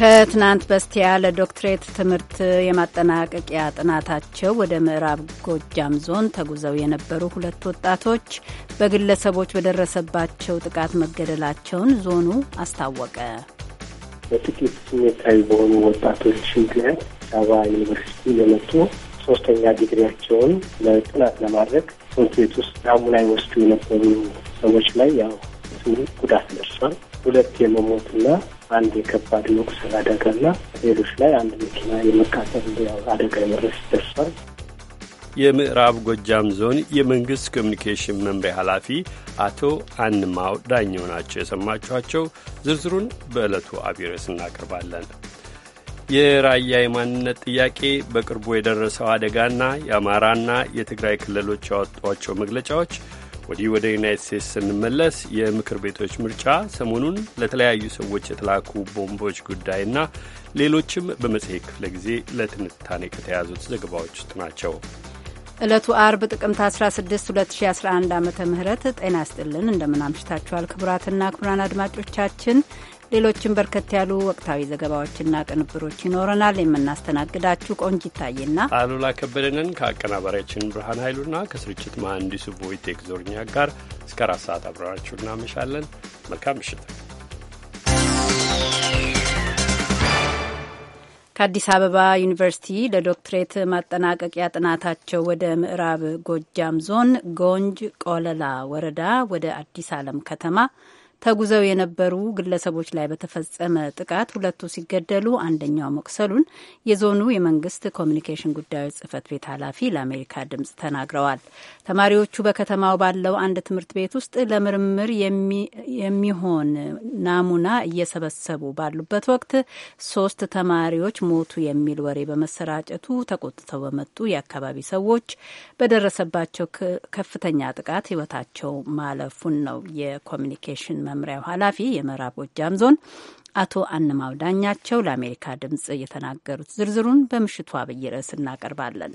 ከትናንት በስቲያ ለዶክትሬት ትምህርት የማጠናቀቂያ ጥናታቸው ወደ ምዕራብ ጎጃም ዞን ተጉዘው የነበሩ ሁለት ወጣቶች በግለሰቦች በደረሰባቸው ጥቃት መገደላቸውን ዞኑ አስታወቀ። በጥቂት ስሜታዊ በሆኑ ወጣቶች ምክንያት አበባ ዩኒቨርሲቲ የመጡ ሶስተኛ ዲግሪያቸውን ለጥናት ለማድረግ ትምህርት ቤት ውስጥ ዳሙ ላይ ወስዱ የነበሩ ሰዎች ላይ ያው ጉዳት ደርሷል። ሁለት የመሞትና አንድ የከባድ መቁሰል አደጋና ሌሎች ላይ አንድ መኪና የመቃጠል አደጋ የመድረስ ደርሷል። የምዕራብ ጎጃም ዞን የመንግስት ኮሚኒኬሽን መምሪያ ኃላፊ አቶ አንማው ዳኘው ናቸው የሰማችኋቸው። ዝርዝሩን በዕለቱ አብይ እናቀርባለን። የራያ የማንነት ጥያቄ በቅርቡ የደረሰው አደጋና የአማራና የትግራይ ክልሎች ያወጧቸው መግለጫዎች ወዲህ ወደ ዩናይት ስቴትስ ስንመለስ የምክር ቤቶች ምርጫ ሰሞኑን ለተለያዩ ሰዎች የተላኩ ቦምቦች ጉዳይና ሌሎችም በመጽሔት ክፍለ ጊዜ ለትንታኔ ከተያዙት ዘገባዎች ውስጥ ናቸው። ዕለቱ አርብ ጥቅምት 16 2011 ዓ ም ጤና ይስጥልን እንደምን አምሽታችኋል ክቡራትና ክቡራን አድማጮቻችን ሌሎችን በርከት ያሉ ወቅታዊ ዘገባዎችና ቅንብሮች ይኖረናል። የምናስተናግዳችሁ ቆንጅ ይታይና አሉላ ከበደንን ከአቀናባሪያችን ብርሃን ኃይሉና ከስርጭት መሐንዲሱ ቮይቴክ ዞርኛ ጋር እስከ አራት ሰዓት አብረራችሁ እናመሻለን። መልካም ምሽት። ከአዲስ አበባ ዩኒቨርሲቲ ለዶክትሬት ማጠናቀቂያ ጥናታቸው ወደ ምዕራብ ጎጃም ዞን ጎንጅ ቆለላ ወረዳ ወደ አዲስ ዓለም ከተማ ተጉዘው የነበሩ ግለሰቦች ላይ በተፈጸመ ጥቃት ሁለቱ ሲገደሉ አንደኛው መቁሰሉን የዞኑ የመንግስት ኮሚኒኬሽን ጉዳዮች ጽህፈት ቤት ኃላፊ ለአሜሪካ ድምጽ ተናግረዋል። ተማሪዎቹ በከተማው ባለው አንድ ትምህርት ቤት ውስጥ ለምርምር የሚሆን ናሙና እየሰበሰቡ ባሉበት ወቅት ሶስት ተማሪዎች ሞቱ የሚል ወሬ በመሰራጨቱ ተቆጥተው በመጡ የአካባቢ ሰዎች በደረሰባቸው ከፍተኛ ጥቃት ህይወታቸው ማለፉን ነው የኮሚኒኬሽን መምሪያው ኃላፊ የምዕራብ ጎጃም ዞን አቶ አንማው ዳኛቸው ለአሜሪካ ድምጽ የተናገሩት። ዝርዝሩን በምሽቱ አብይ ርዕስ እናቀርባለን።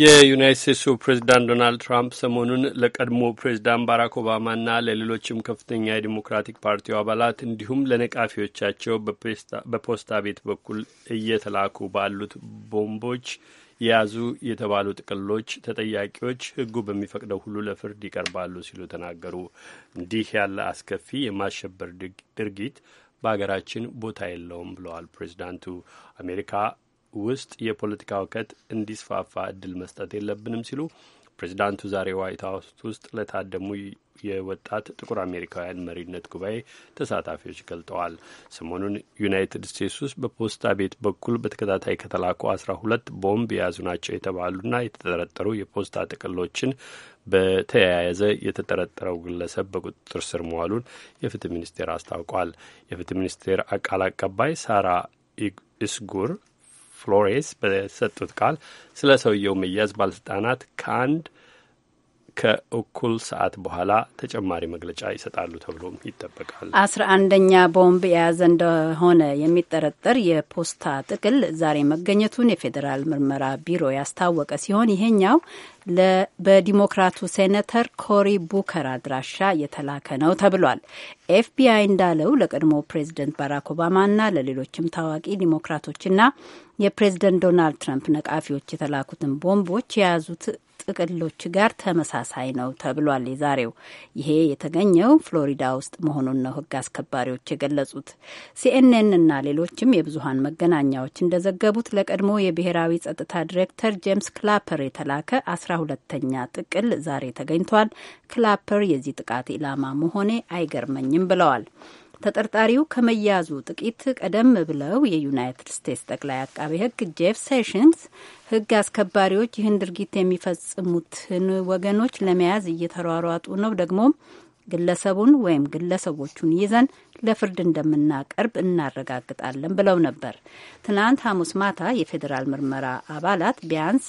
የዩናይት ስቴትሱ ፕሬዚዳንት ዶናልድ ትራምፕ ሰሞኑን ለቀድሞ ፕሬዚዳንት ባራክ ኦባማና ለሌሎችም ከፍተኛ የዲሞክራቲክ ፓርቲው አባላት እንዲሁም ለነቃፊዎቻቸው በፖስታ ቤት በኩል እየተላኩ ባሉት ቦምቦች የያዙ የተባሉ ጥቅሎች ተጠያቂዎች ሕጉ በሚፈቅደው ሁሉ ለፍርድ ይቀርባሉ ሲሉ ተናገሩ። እንዲህ ያለ አስከፊ የማሸበር ድርጊት በሀገራችን ቦታ የለውም ብለዋል ፕሬዚዳንቱ። አሜሪካ ውስጥ የፖለቲካ እውከት እንዲስፋፋ እድል መስጠት የለብንም ሲሉ ፕሬዚዳንቱ ዛሬ ዋይት ሀውስ ውስጥ ለታደሙ የወጣት ጥቁር አሜሪካውያን መሪነት ጉባኤ ተሳታፊዎች ገልጠዋል። ሰሞኑን ዩናይትድ ስቴትስ ውስጥ በፖስታ ቤት በኩል በተከታታይ ከተላኩ አስራ ሁለት ቦምብ የያዙ ናቸው የተባሉና የተጠረጠሩ የፖስታ ጥቅሎችን በተያያዘ የተጠረጠረው ግለሰብ በቁጥጥር ስር መዋሉን የፍትህ ሚኒስቴር አስታውቋል። የፍትህ ሚኒስቴር ቃል አቀባይ ሳራ ኢስጉር ፍሎሬስ በሰጡት ቃል ስለ ሰውየው መያዝ ባለስልጣናት ከአንድ ከእኩል ሰዓት በኋላ ተጨማሪ መግለጫ ይሰጣሉ ተብሎም ይጠበቃል። አስራ አንደኛ ቦምብ የያዘ እንደሆነ የሚጠረጠር የፖስታ ጥቅል ዛሬ መገኘቱን የፌዴራል ምርመራ ቢሮ ያስታወቀ ሲሆን ይሄኛው በዲሞክራቱ ሴኔተር ኮሪ ቡከር አድራሻ የተላከ ነው ተብሏል። ኤፍቢአይ እንዳለው ለቀድሞ ፕሬዚደንት ባራክ ኦባማና ለሌሎችም ታዋቂ ዲሞክራቶችና የፕሬዚደንት ዶናልድ ትራምፕ ነቃፊዎች የተላኩትን ቦምቦች የያዙት ጥቅሎች ጋር ተመሳሳይ ነው ተብሏል። የዛሬው ይሄ የተገኘው ፍሎሪዳ ውስጥ መሆኑን ነው ህግ አስከባሪዎች የገለጹት። ሲኤንኤን እና ሌሎችም የብዙሀን መገናኛዎች እንደዘገቡት ለቀድሞ የብሔራዊ ጸጥታ ዲሬክተር ጄምስ ክላፐር የተላከ አስራ ሁለተኛ ጥቅል ዛሬ ተገኝቷል። ክላፐር የዚህ ጥቃት ኢላማ መሆኔ አይገርመኝም ብለዋል። ተጠርጣሪው ከመያዙ ጥቂት ቀደም ብለው የዩናይትድ ስቴትስ ጠቅላይ አቃቤ ሕግ ጄፍ ሴሽንስ ሕግ አስከባሪዎች ይህን ድርጊት የሚፈጽሙትን ወገኖች ለመያዝ እየተሯሯጡ ነው፣ ደግሞም ግለሰቡን ወይም ግለሰቦቹን ይዘን ለፍርድ እንደምናቀርብ እናረጋግጣለን ብለው ነበር። ትናንት ሐሙስ ማታ የፌዴራል ምርመራ አባላት ቢያንስ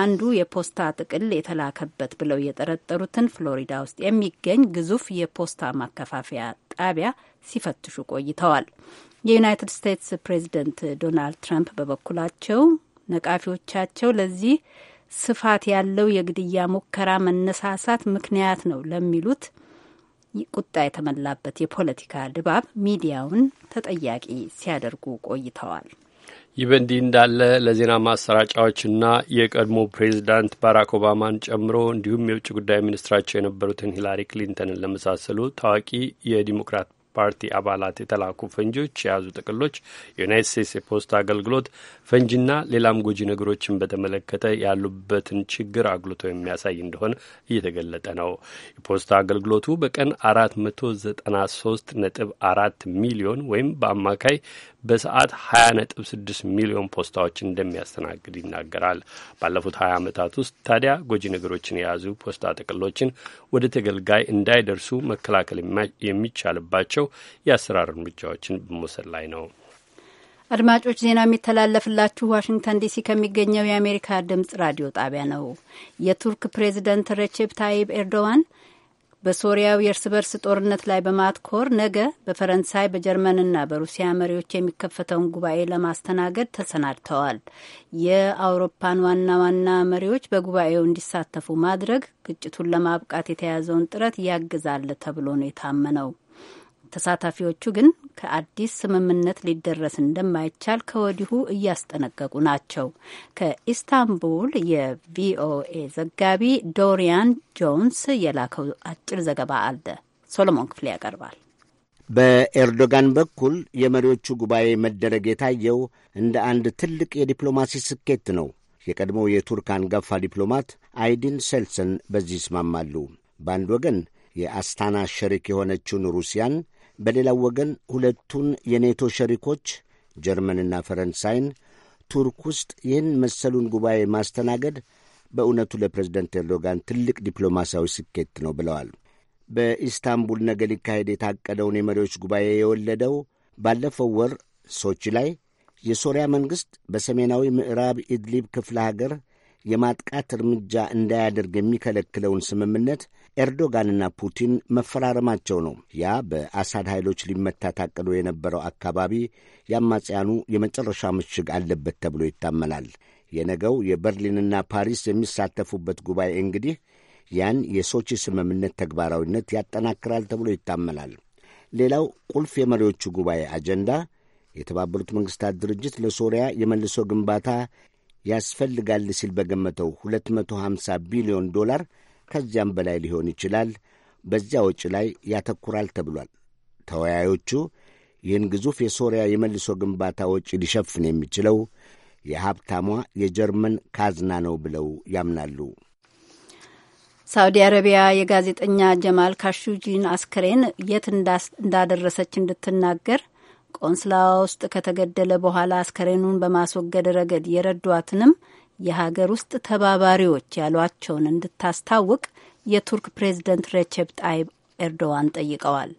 አንዱ የፖስታ ጥቅል የተላከበት ብለው የጠረጠሩትን ፍሎሪዳ ውስጥ የሚገኝ ግዙፍ የፖስታ ማከፋፈያ ጣቢያ ሲፈትሹ ቆይተዋል። የዩናይትድ ስቴትስ ፕሬዚደንት ዶናልድ ትራምፕ በበኩላቸው ነቃፊዎቻቸው ለዚህ ስፋት ያለው የግድያ ሙከራ መነሳሳት ምክንያት ነው ለሚሉት ቁጣ የተመላበት የፖለቲካ ድባብ ሚዲያውን ተጠያቂ ሲያደርጉ ቆይተዋል። ይህ በእንዲህ እንዳለ ለዜና ማሰራጫዎችና የቀድሞ ፕሬዚዳንት ባራክ ኦባማን ጨምሮ እንዲሁም የውጭ ጉዳይ ሚኒስትራቸው የነበሩትን ሂላሪ ክሊንተንን ለመሳሰሉ ታዋቂ የዲሞክራት ፓርቲ አባላት የተላኩ ፈንጂዎች የያዙ ጥቅሎች የዩናይት ስቴትስ የፖስታ አገልግሎት ፈንጂና ሌላም ጎጂ ነገሮችን በተመለከተ ያሉበትን ችግር አጉልቶ የሚያሳይ እንደሆነ እየተገለጠ ነው። የፖስታ አገልግሎቱ በቀን አራት መቶ ዘጠና ሶስት ነጥብ አራት ሚሊዮን ወይም በአማካይ በሰዓት 20.6 ሚሊዮን ፖስታዎችን እንደሚያስተናግድ ይናገራል። ባለፉት 20 ዓመታት ውስጥ ታዲያ ጎጂ ነገሮችን የያዙ ፖስታ ጥቅሎችን ወደ ተገልጋይ እንዳይደርሱ መከላከል የሚቻልባቸው የአሰራር እርምጃዎችን በመውሰድ ላይ ነው። አድማጮች ዜና የሚተላለፍላችሁ ዋሽንግተን ዲሲ ከሚገኘው የአሜሪካ ድምጽ ራዲዮ ጣቢያ ነው። የቱርክ ፕሬዚደንት ሬቼፕ ታይብ ኤርዶዋን በሶሪያው የእርስ በርስ ጦርነት ላይ በማትኮር ነገ በፈረንሳይ በጀርመንና በሩሲያ መሪዎች የሚከፈተውን ጉባኤ ለማስተናገድ ተሰናድተዋል። የአውሮፓን ዋና ዋና መሪዎች በጉባኤው እንዲሳተፉ ማድረግ ግጭቱን ለማብቃት የተያዘውን ጥረት ያግዛል ተብሎ ነው የታመነው። ተሳታፊዎቹ ግን ከአዲስ ስምምነት ሊደረስ እንደማይቻል ከወዲሁ እያስጠነቀቁ ናቸው። ከኢስታንቡል የቪኦኤ ዘጋቢ ዶሪያን ጆንስ የላከው አጭር ዘገባ አለ። ሶሎሞን ክፍሌ ያቀርባል። በኤርዶጋን በኩል የመሪዎቹ ጉባኤ መደረግ የታየው እንደ አንድ ትልቅ የዲፕሎማሲ ስኬት ነው። የቀድሞው የቱርክ አንጋፋ ዲፕሎማት አይዲን ሴልሰን በዚህ ይስማማሉ። በአንድ ወገን የአስታና ሸሪክ የሆነችውን ሩሲያን በሌላው ወገን ሁለቱን የኔቶ ሸሪኮች ጀርመንና ፈረንሳይን ቱርክ ውስጥ ይህን መሰሉን ጉባኤ ማስተናገድ በእውነቱ ለፕሬዝደንት ኤርዶጋን ትልቅ ዲፕሎማሲያዊ ስኬት ነው ብለዋል። በኢስታንቡል ነገ ሊካሄድ የታቀደውን የመሪዎች ጉባኤ የወለደው ባለፈው ወር ሶቺ ላይ የሶሪያ መንግሥት በሰሜናዊ ምዕራብ ኢድሊብ ክፍለ ሀገር የማጥቃት እርምጃ እንዳያደርግ የሚከለክለውን ስምምነት ኤርዶጋንና ፑቲን መፈራረማቸው ነው። ያ በአሳድ ኃይሎች ሊመታ ታቅዶ የነበረው አካባቢ የአማጽያኑ የመጨረሻ ምሽግ አለበት ተብሎ ይታመናል። የነገው የበርሊንና ፓሪስ የሚሳተፉበት ጉባኤ እንግዲህ ያን የሶቺ ስምምነት ተግባራዊነት ያጠናክራል ተብሎ ይታመናል። ሌላው ቁልፍ የመሪዎቹ ጉባኤ አጀንዳ የተባበሩት መንግሥታት ድርጅት ለሶሪያ የመልሶ ግንባታ ያስፈልጋል ሲል በገመተው 250 ቢሊዮን ዶላር ከዚያም በላይ ሊሆን ይችላል በዚያ ወጪ ላይ ያተኩራል ተብሏል። ተወያዮቹ ይህን ግዙፍ የሶሪያ የመልሶ ግንባታ ወጪ ሊሸፍን የሚችለው የሀብታሟ የጀርመን ካዝና ነው ብለው ያምናሉ። ሳውዲ አረቢያ የጋዜጠኛ ጀማል ካሹጂን አስክሬን የት እንዳደረሰች እንድትናገር ቆንስላ ውስጥ ከተገደለ በኋላ አስከሬኑን በማስወገድ ረገድ የረዷትንም የሀገር ውስጥ ተባባሪዎች ያሏቸውን እንድታስታውቅ የቱርክ ፕሬዚደንት ሬቼፕ ጣይብ ኤርዶዋን ጠይቀዋል።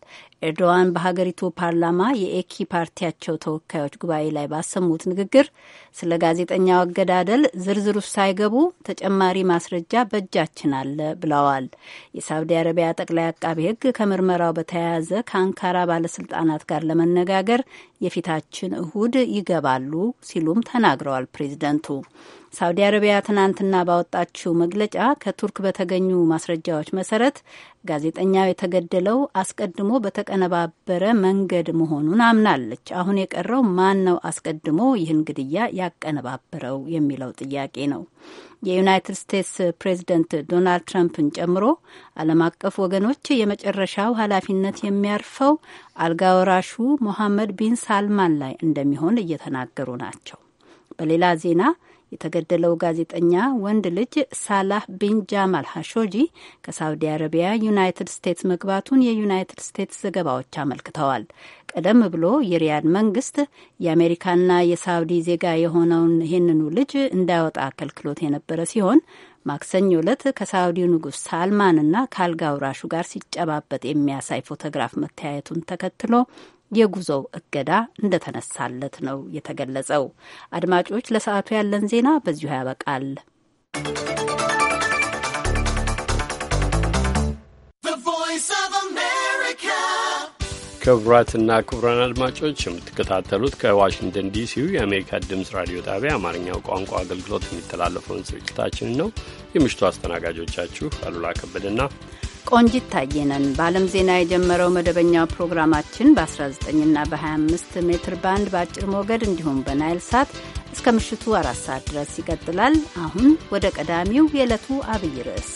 ኤርዶዋን በሀገሪቱ ፓርላማ የኤኪ ፓርቲያቸው ተወካዮች ጉባኤ ላይ ባሰሙት ንግግር ስለ ጋዜጠኛው አገዳደል ዝርዝር ሳይገቡ ተጨማሪ ማስረጃ በእጃችን አለ ብለዋል። የሳውዲ አረቢያ ጠቅላይ አቃቤ ሕግ ከምርመራው በተያያዘ ከአንካራ ባለስልጣናት ጋር ለመነጋገር የፊታችን እሁድ ይገባሉ ሲሉም ተናግረዋል። ፕሬዚደንቱ ሳውዲ አረቢያ ትናንትና ባወጣችው መግለጫ ከቱርክ በተገኙ ማስረጃዎች መሰረት ጋዜጠኛው የተገደለው አስቀድሞ በተቀነባበረ መንገድ መሆኑን አምናለች። አሁን የቀረው ማን ነው አስቀድሞ ይህን ግድያ ያቀነባበረው የሚለው ጥያቄ ነው። የዩናይትድ ስቴትስ ፕሬዝደንት ዶናልድ ትራምፕን ጨምሮ ዓለም አቀፍ ወገኖች የመጨረሻው ኃላፊነት የሚያርፈው አልጋ ወራሹ ሞሐመድ ቢን ሳልማን ላይ እንደሚሆን እየተናገሩ ናቸው። በሌላ ዜና የተገደለው ጋዜጠኛ ወንድ ልጅ ሳላህ ቢን ጃማል ሀሾጂ ከሳውዲ አረቢያ ዩናይትድ ስቴትስ መግባቱን የዩናይትድ ስቴትስ ዘገባዎች አመልክተዋል። ቀደም ብሎ የሪያድ መንግስት የአሜሪካና የሳውዲ ዜጋ የሆነውን ይህንኑ ልጅ እንዳይወጣ አከልክሎት የነበረ ሲሆን ማክሰኞ ዕለት ከሳውዲው ንጉሥ ሳልማንና ከአልጋ ጋር ሲጨባበጥ የሚያሳይ ፎቶግራፍ መተያየቱን ተከትሎ የጉዞው እገዳ እንደተነሳለት ነው የተገለጸው። አድማጮች፣ ለሰዓቱ ያለን ዜና በዚሁ ያበቃል። ክቡራትና ክቡራን አድማጮች የምትከታተሉት ከዋሽንግተን ዲሲው የአሜሪካ ድምፅ ራዲዮ ጣቢያ አማርኛው ቋንቋ አገልግሎት የሚተላለፈውን ስርጭታችንን ነው። የምሽቱ አስተናጋጆቻችሁ አሉላ ከበደና ቆንጂት ታየነን በዓለም ዜና የጀመረው መደበኛው ፕሮግራማችን በ19ና በ25 ሜትር ባንድ በአጭር ሞገድ እንዲሁም በናይል ሳት እስከ ምሽቱ አራት ሰዓት ድረስ ይቀጥላል። አሁን ወደ ቀዳሚው የዕለቱ አብይ ርዕስ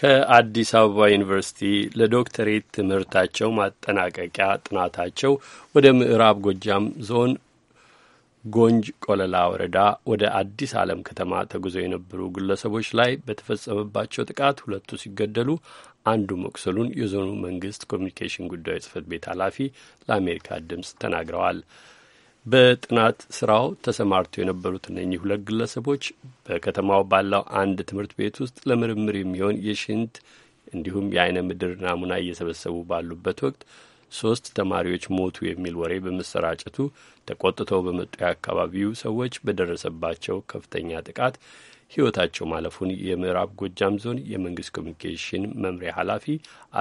ከአዲስ አበባ ዩኒቨርሲቲ ለዶክተሬት ትምህርታቸው ማጠናቀቂያ ጥናታቸው ወደ ምዕራብ ጎጃም ዞን ጎንጅ ቆለላ ወረዳ ወደ አዲስ ዓለም ከተማ ተጉዘው የነበሩ ግለሰቦች ላይ በተፈጸመባቸው ጥቃት ሁለቱ ሲገደሉ አንዱ መቁሰሉን የዞኑ መንግስት ኮሚኒኬሽን ጉዳዮች ጽህፈት ቤት ኃላፊ ለአሜሪካ ድምፅ ተናግረዋል። በጥናት ስራው ተሰማርተው የነበሩት እነኚህ ሁለት ግለሰቦች በከተማው ባለው አንድ ትምህርት ቤት ውስጥ ለምርምር የሚሆን የሽንት እንዲሁም የአይነ ምድር ናሙና እየሰበሰቡ ባሉበት ወቅት ሶስት ተማሪዎች ሞቱ የሚል ወሬ በመሰራጨቱ ተቆጥተው በመጡ የአካባቢው ሰዎች በደረሰባቸው ከፍተኛ ጥቃት ሕይወታቸው ማለፉን የምዕራብ ጎጃም ዞን የመንግስት ኮሚኒኬሽን መምሪያ ኃላፊ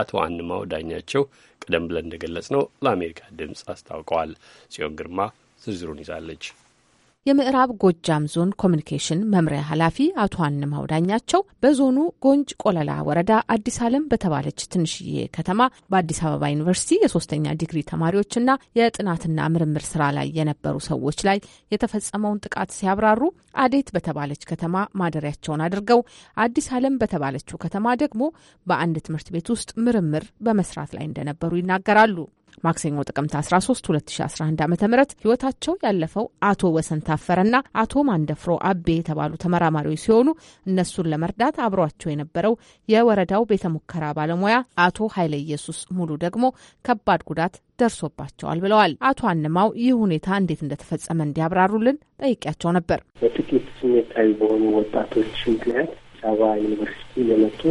አቶ አንማው ዳኛቸው ቀደም ብለን እንደገለጽ ነው ለአሜሪካ ድምፅ አስታውቀዋል። ጽዮን ግርማ ዝርዝሩን ይዛለች። የምዕራብ ጎጃም ዞን ኮሚኒኬሽን መምሪያ ኃላፊ አቶ አንማው ዳኛቸው በዞኑ ጎንጅ ቆለላ ወረዳ አዲስ ዓለም በተባለች ትንሽዬ ከተማ በአዲስ አበባ ዩኒቨርሲቲ የሶስተኛ ዲግሪ ተማሪዎችና የጥናትና ምርምር ስራ ላይ የነበሩ ሰዎች ላይ የተፈጸመውን ጥቃት ሲያብራሩ አዴት በተባለች ከተማ ማደሪያቸውን አድርገው አዲስ ዓለም በተባለችው ከተማ ደግሞ በአንድ ትምህርት ቤት ውስጥ ምርምር በመስራት ላይ እንደነበሩ ይናገራሉ። ማክሰኞ ጥቅምት 13 2011 ዓ ም ህይወታቸው ያለፈው አቶ ወሰን ታፈረና አቶ ማንደፍሮ አቤ የተባሉ ተመራማሪዎች ሲሆኑ እነሱን ለመርዳት አብሯቸው የነበረው የወረዳው ቤተ ሙከራ ባለሙያ አቶ ኃይለ ኢየሱስ ሙሉ ደግሞ ከባድ ጉዳት ደርሶባቸዋል ብለዋል። አቶ አንማው ይህ ሁኔታ እንዴት እንደተፈጸመ እንዲያብራሩልን ጠይቂያቸው ነበር። በጥቂት ስሜታዊ በሆኑ ወጣቶች ምክንያት አዲስ አበባ ዩኒቨርሲቲ የመጡ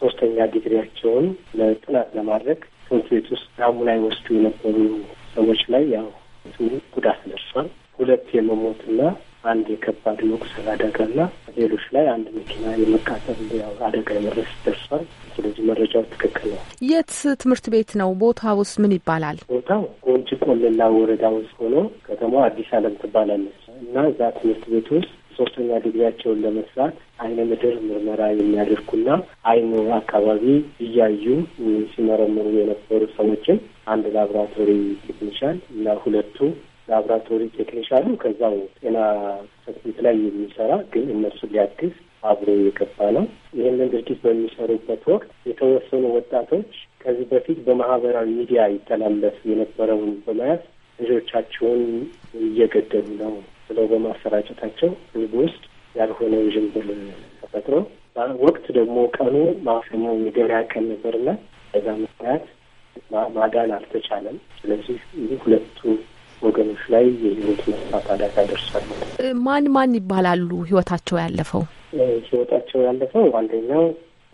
ሶስተኛ ዲግሪያቸውን ለጥናት ለማድረግ ትምህርት ቤት ውስጥ ላይ ወስዱ የነበሩ ሰዎች ላይ ያው ጉዳት ደርሷል። ሁለት የመሞትና አንድ የከባድ መቁሰል አደጋና ሌሎች ላይ አንድ መኪና የመቃጠል ያው አደጋ የመድረስ ደርሷል። ስለዚህ መረጃው ትክክል ነው። የት ትምህርት ቤት ነው? ቦታ ውስጥ ምን ይባላል? ቦታው ጎንጂ ቆለላ ወረዳ ውስጥ ሆኖ ከተማዋ አዲስ አለም ትባላለች እና እዛ ትምህርት ቤት ውስጥ ሶስተኛ ዲግሪያቸውን ለመስራት አይነ ምድር ምርመራ የሚያደርጉና አይን አካባቢ እያዩ ሲመረምሩ የነበሩ ሰዎችን አንድ ላብራቶሪ ቴክኒሻን እና ሁለቱ ላብራቶሪ ቴክኒሻኑ ከዛው ጤና ሰክቢት ላይ የሚሰራ ግን እነሱን ሊያግዝ አብሮ የገባ ነው። ይህንን ድርጊት በሚሰሩበት ወቅት የተወሰኑ ወጣቶች ከዚህ በፊት በማህበራዊ ሚዲያ ይተላለፍ የነበረውን በመያዝ ልጆቻቸውን እየገደሉ ነው ብለው በማሰራጨታቸው ህዝብ ውስጥ ያልሆነ ውዥንብር ተፈጥሮ ወቅት ደግሞ ቀኑ ማክሰኞ የገበያ ቀን ነበርና በዛ ምክንያት ማዳን አልተቻለም። ስለዚህ ይህ ሁለቱ ወገኖች ላይ የህይወት መስፋት አደጋ ደርሷል። ማን ማን ይባላሉ? ህይወታቸው ያለፈው ህይወታቸው ያለፈው አንደኛው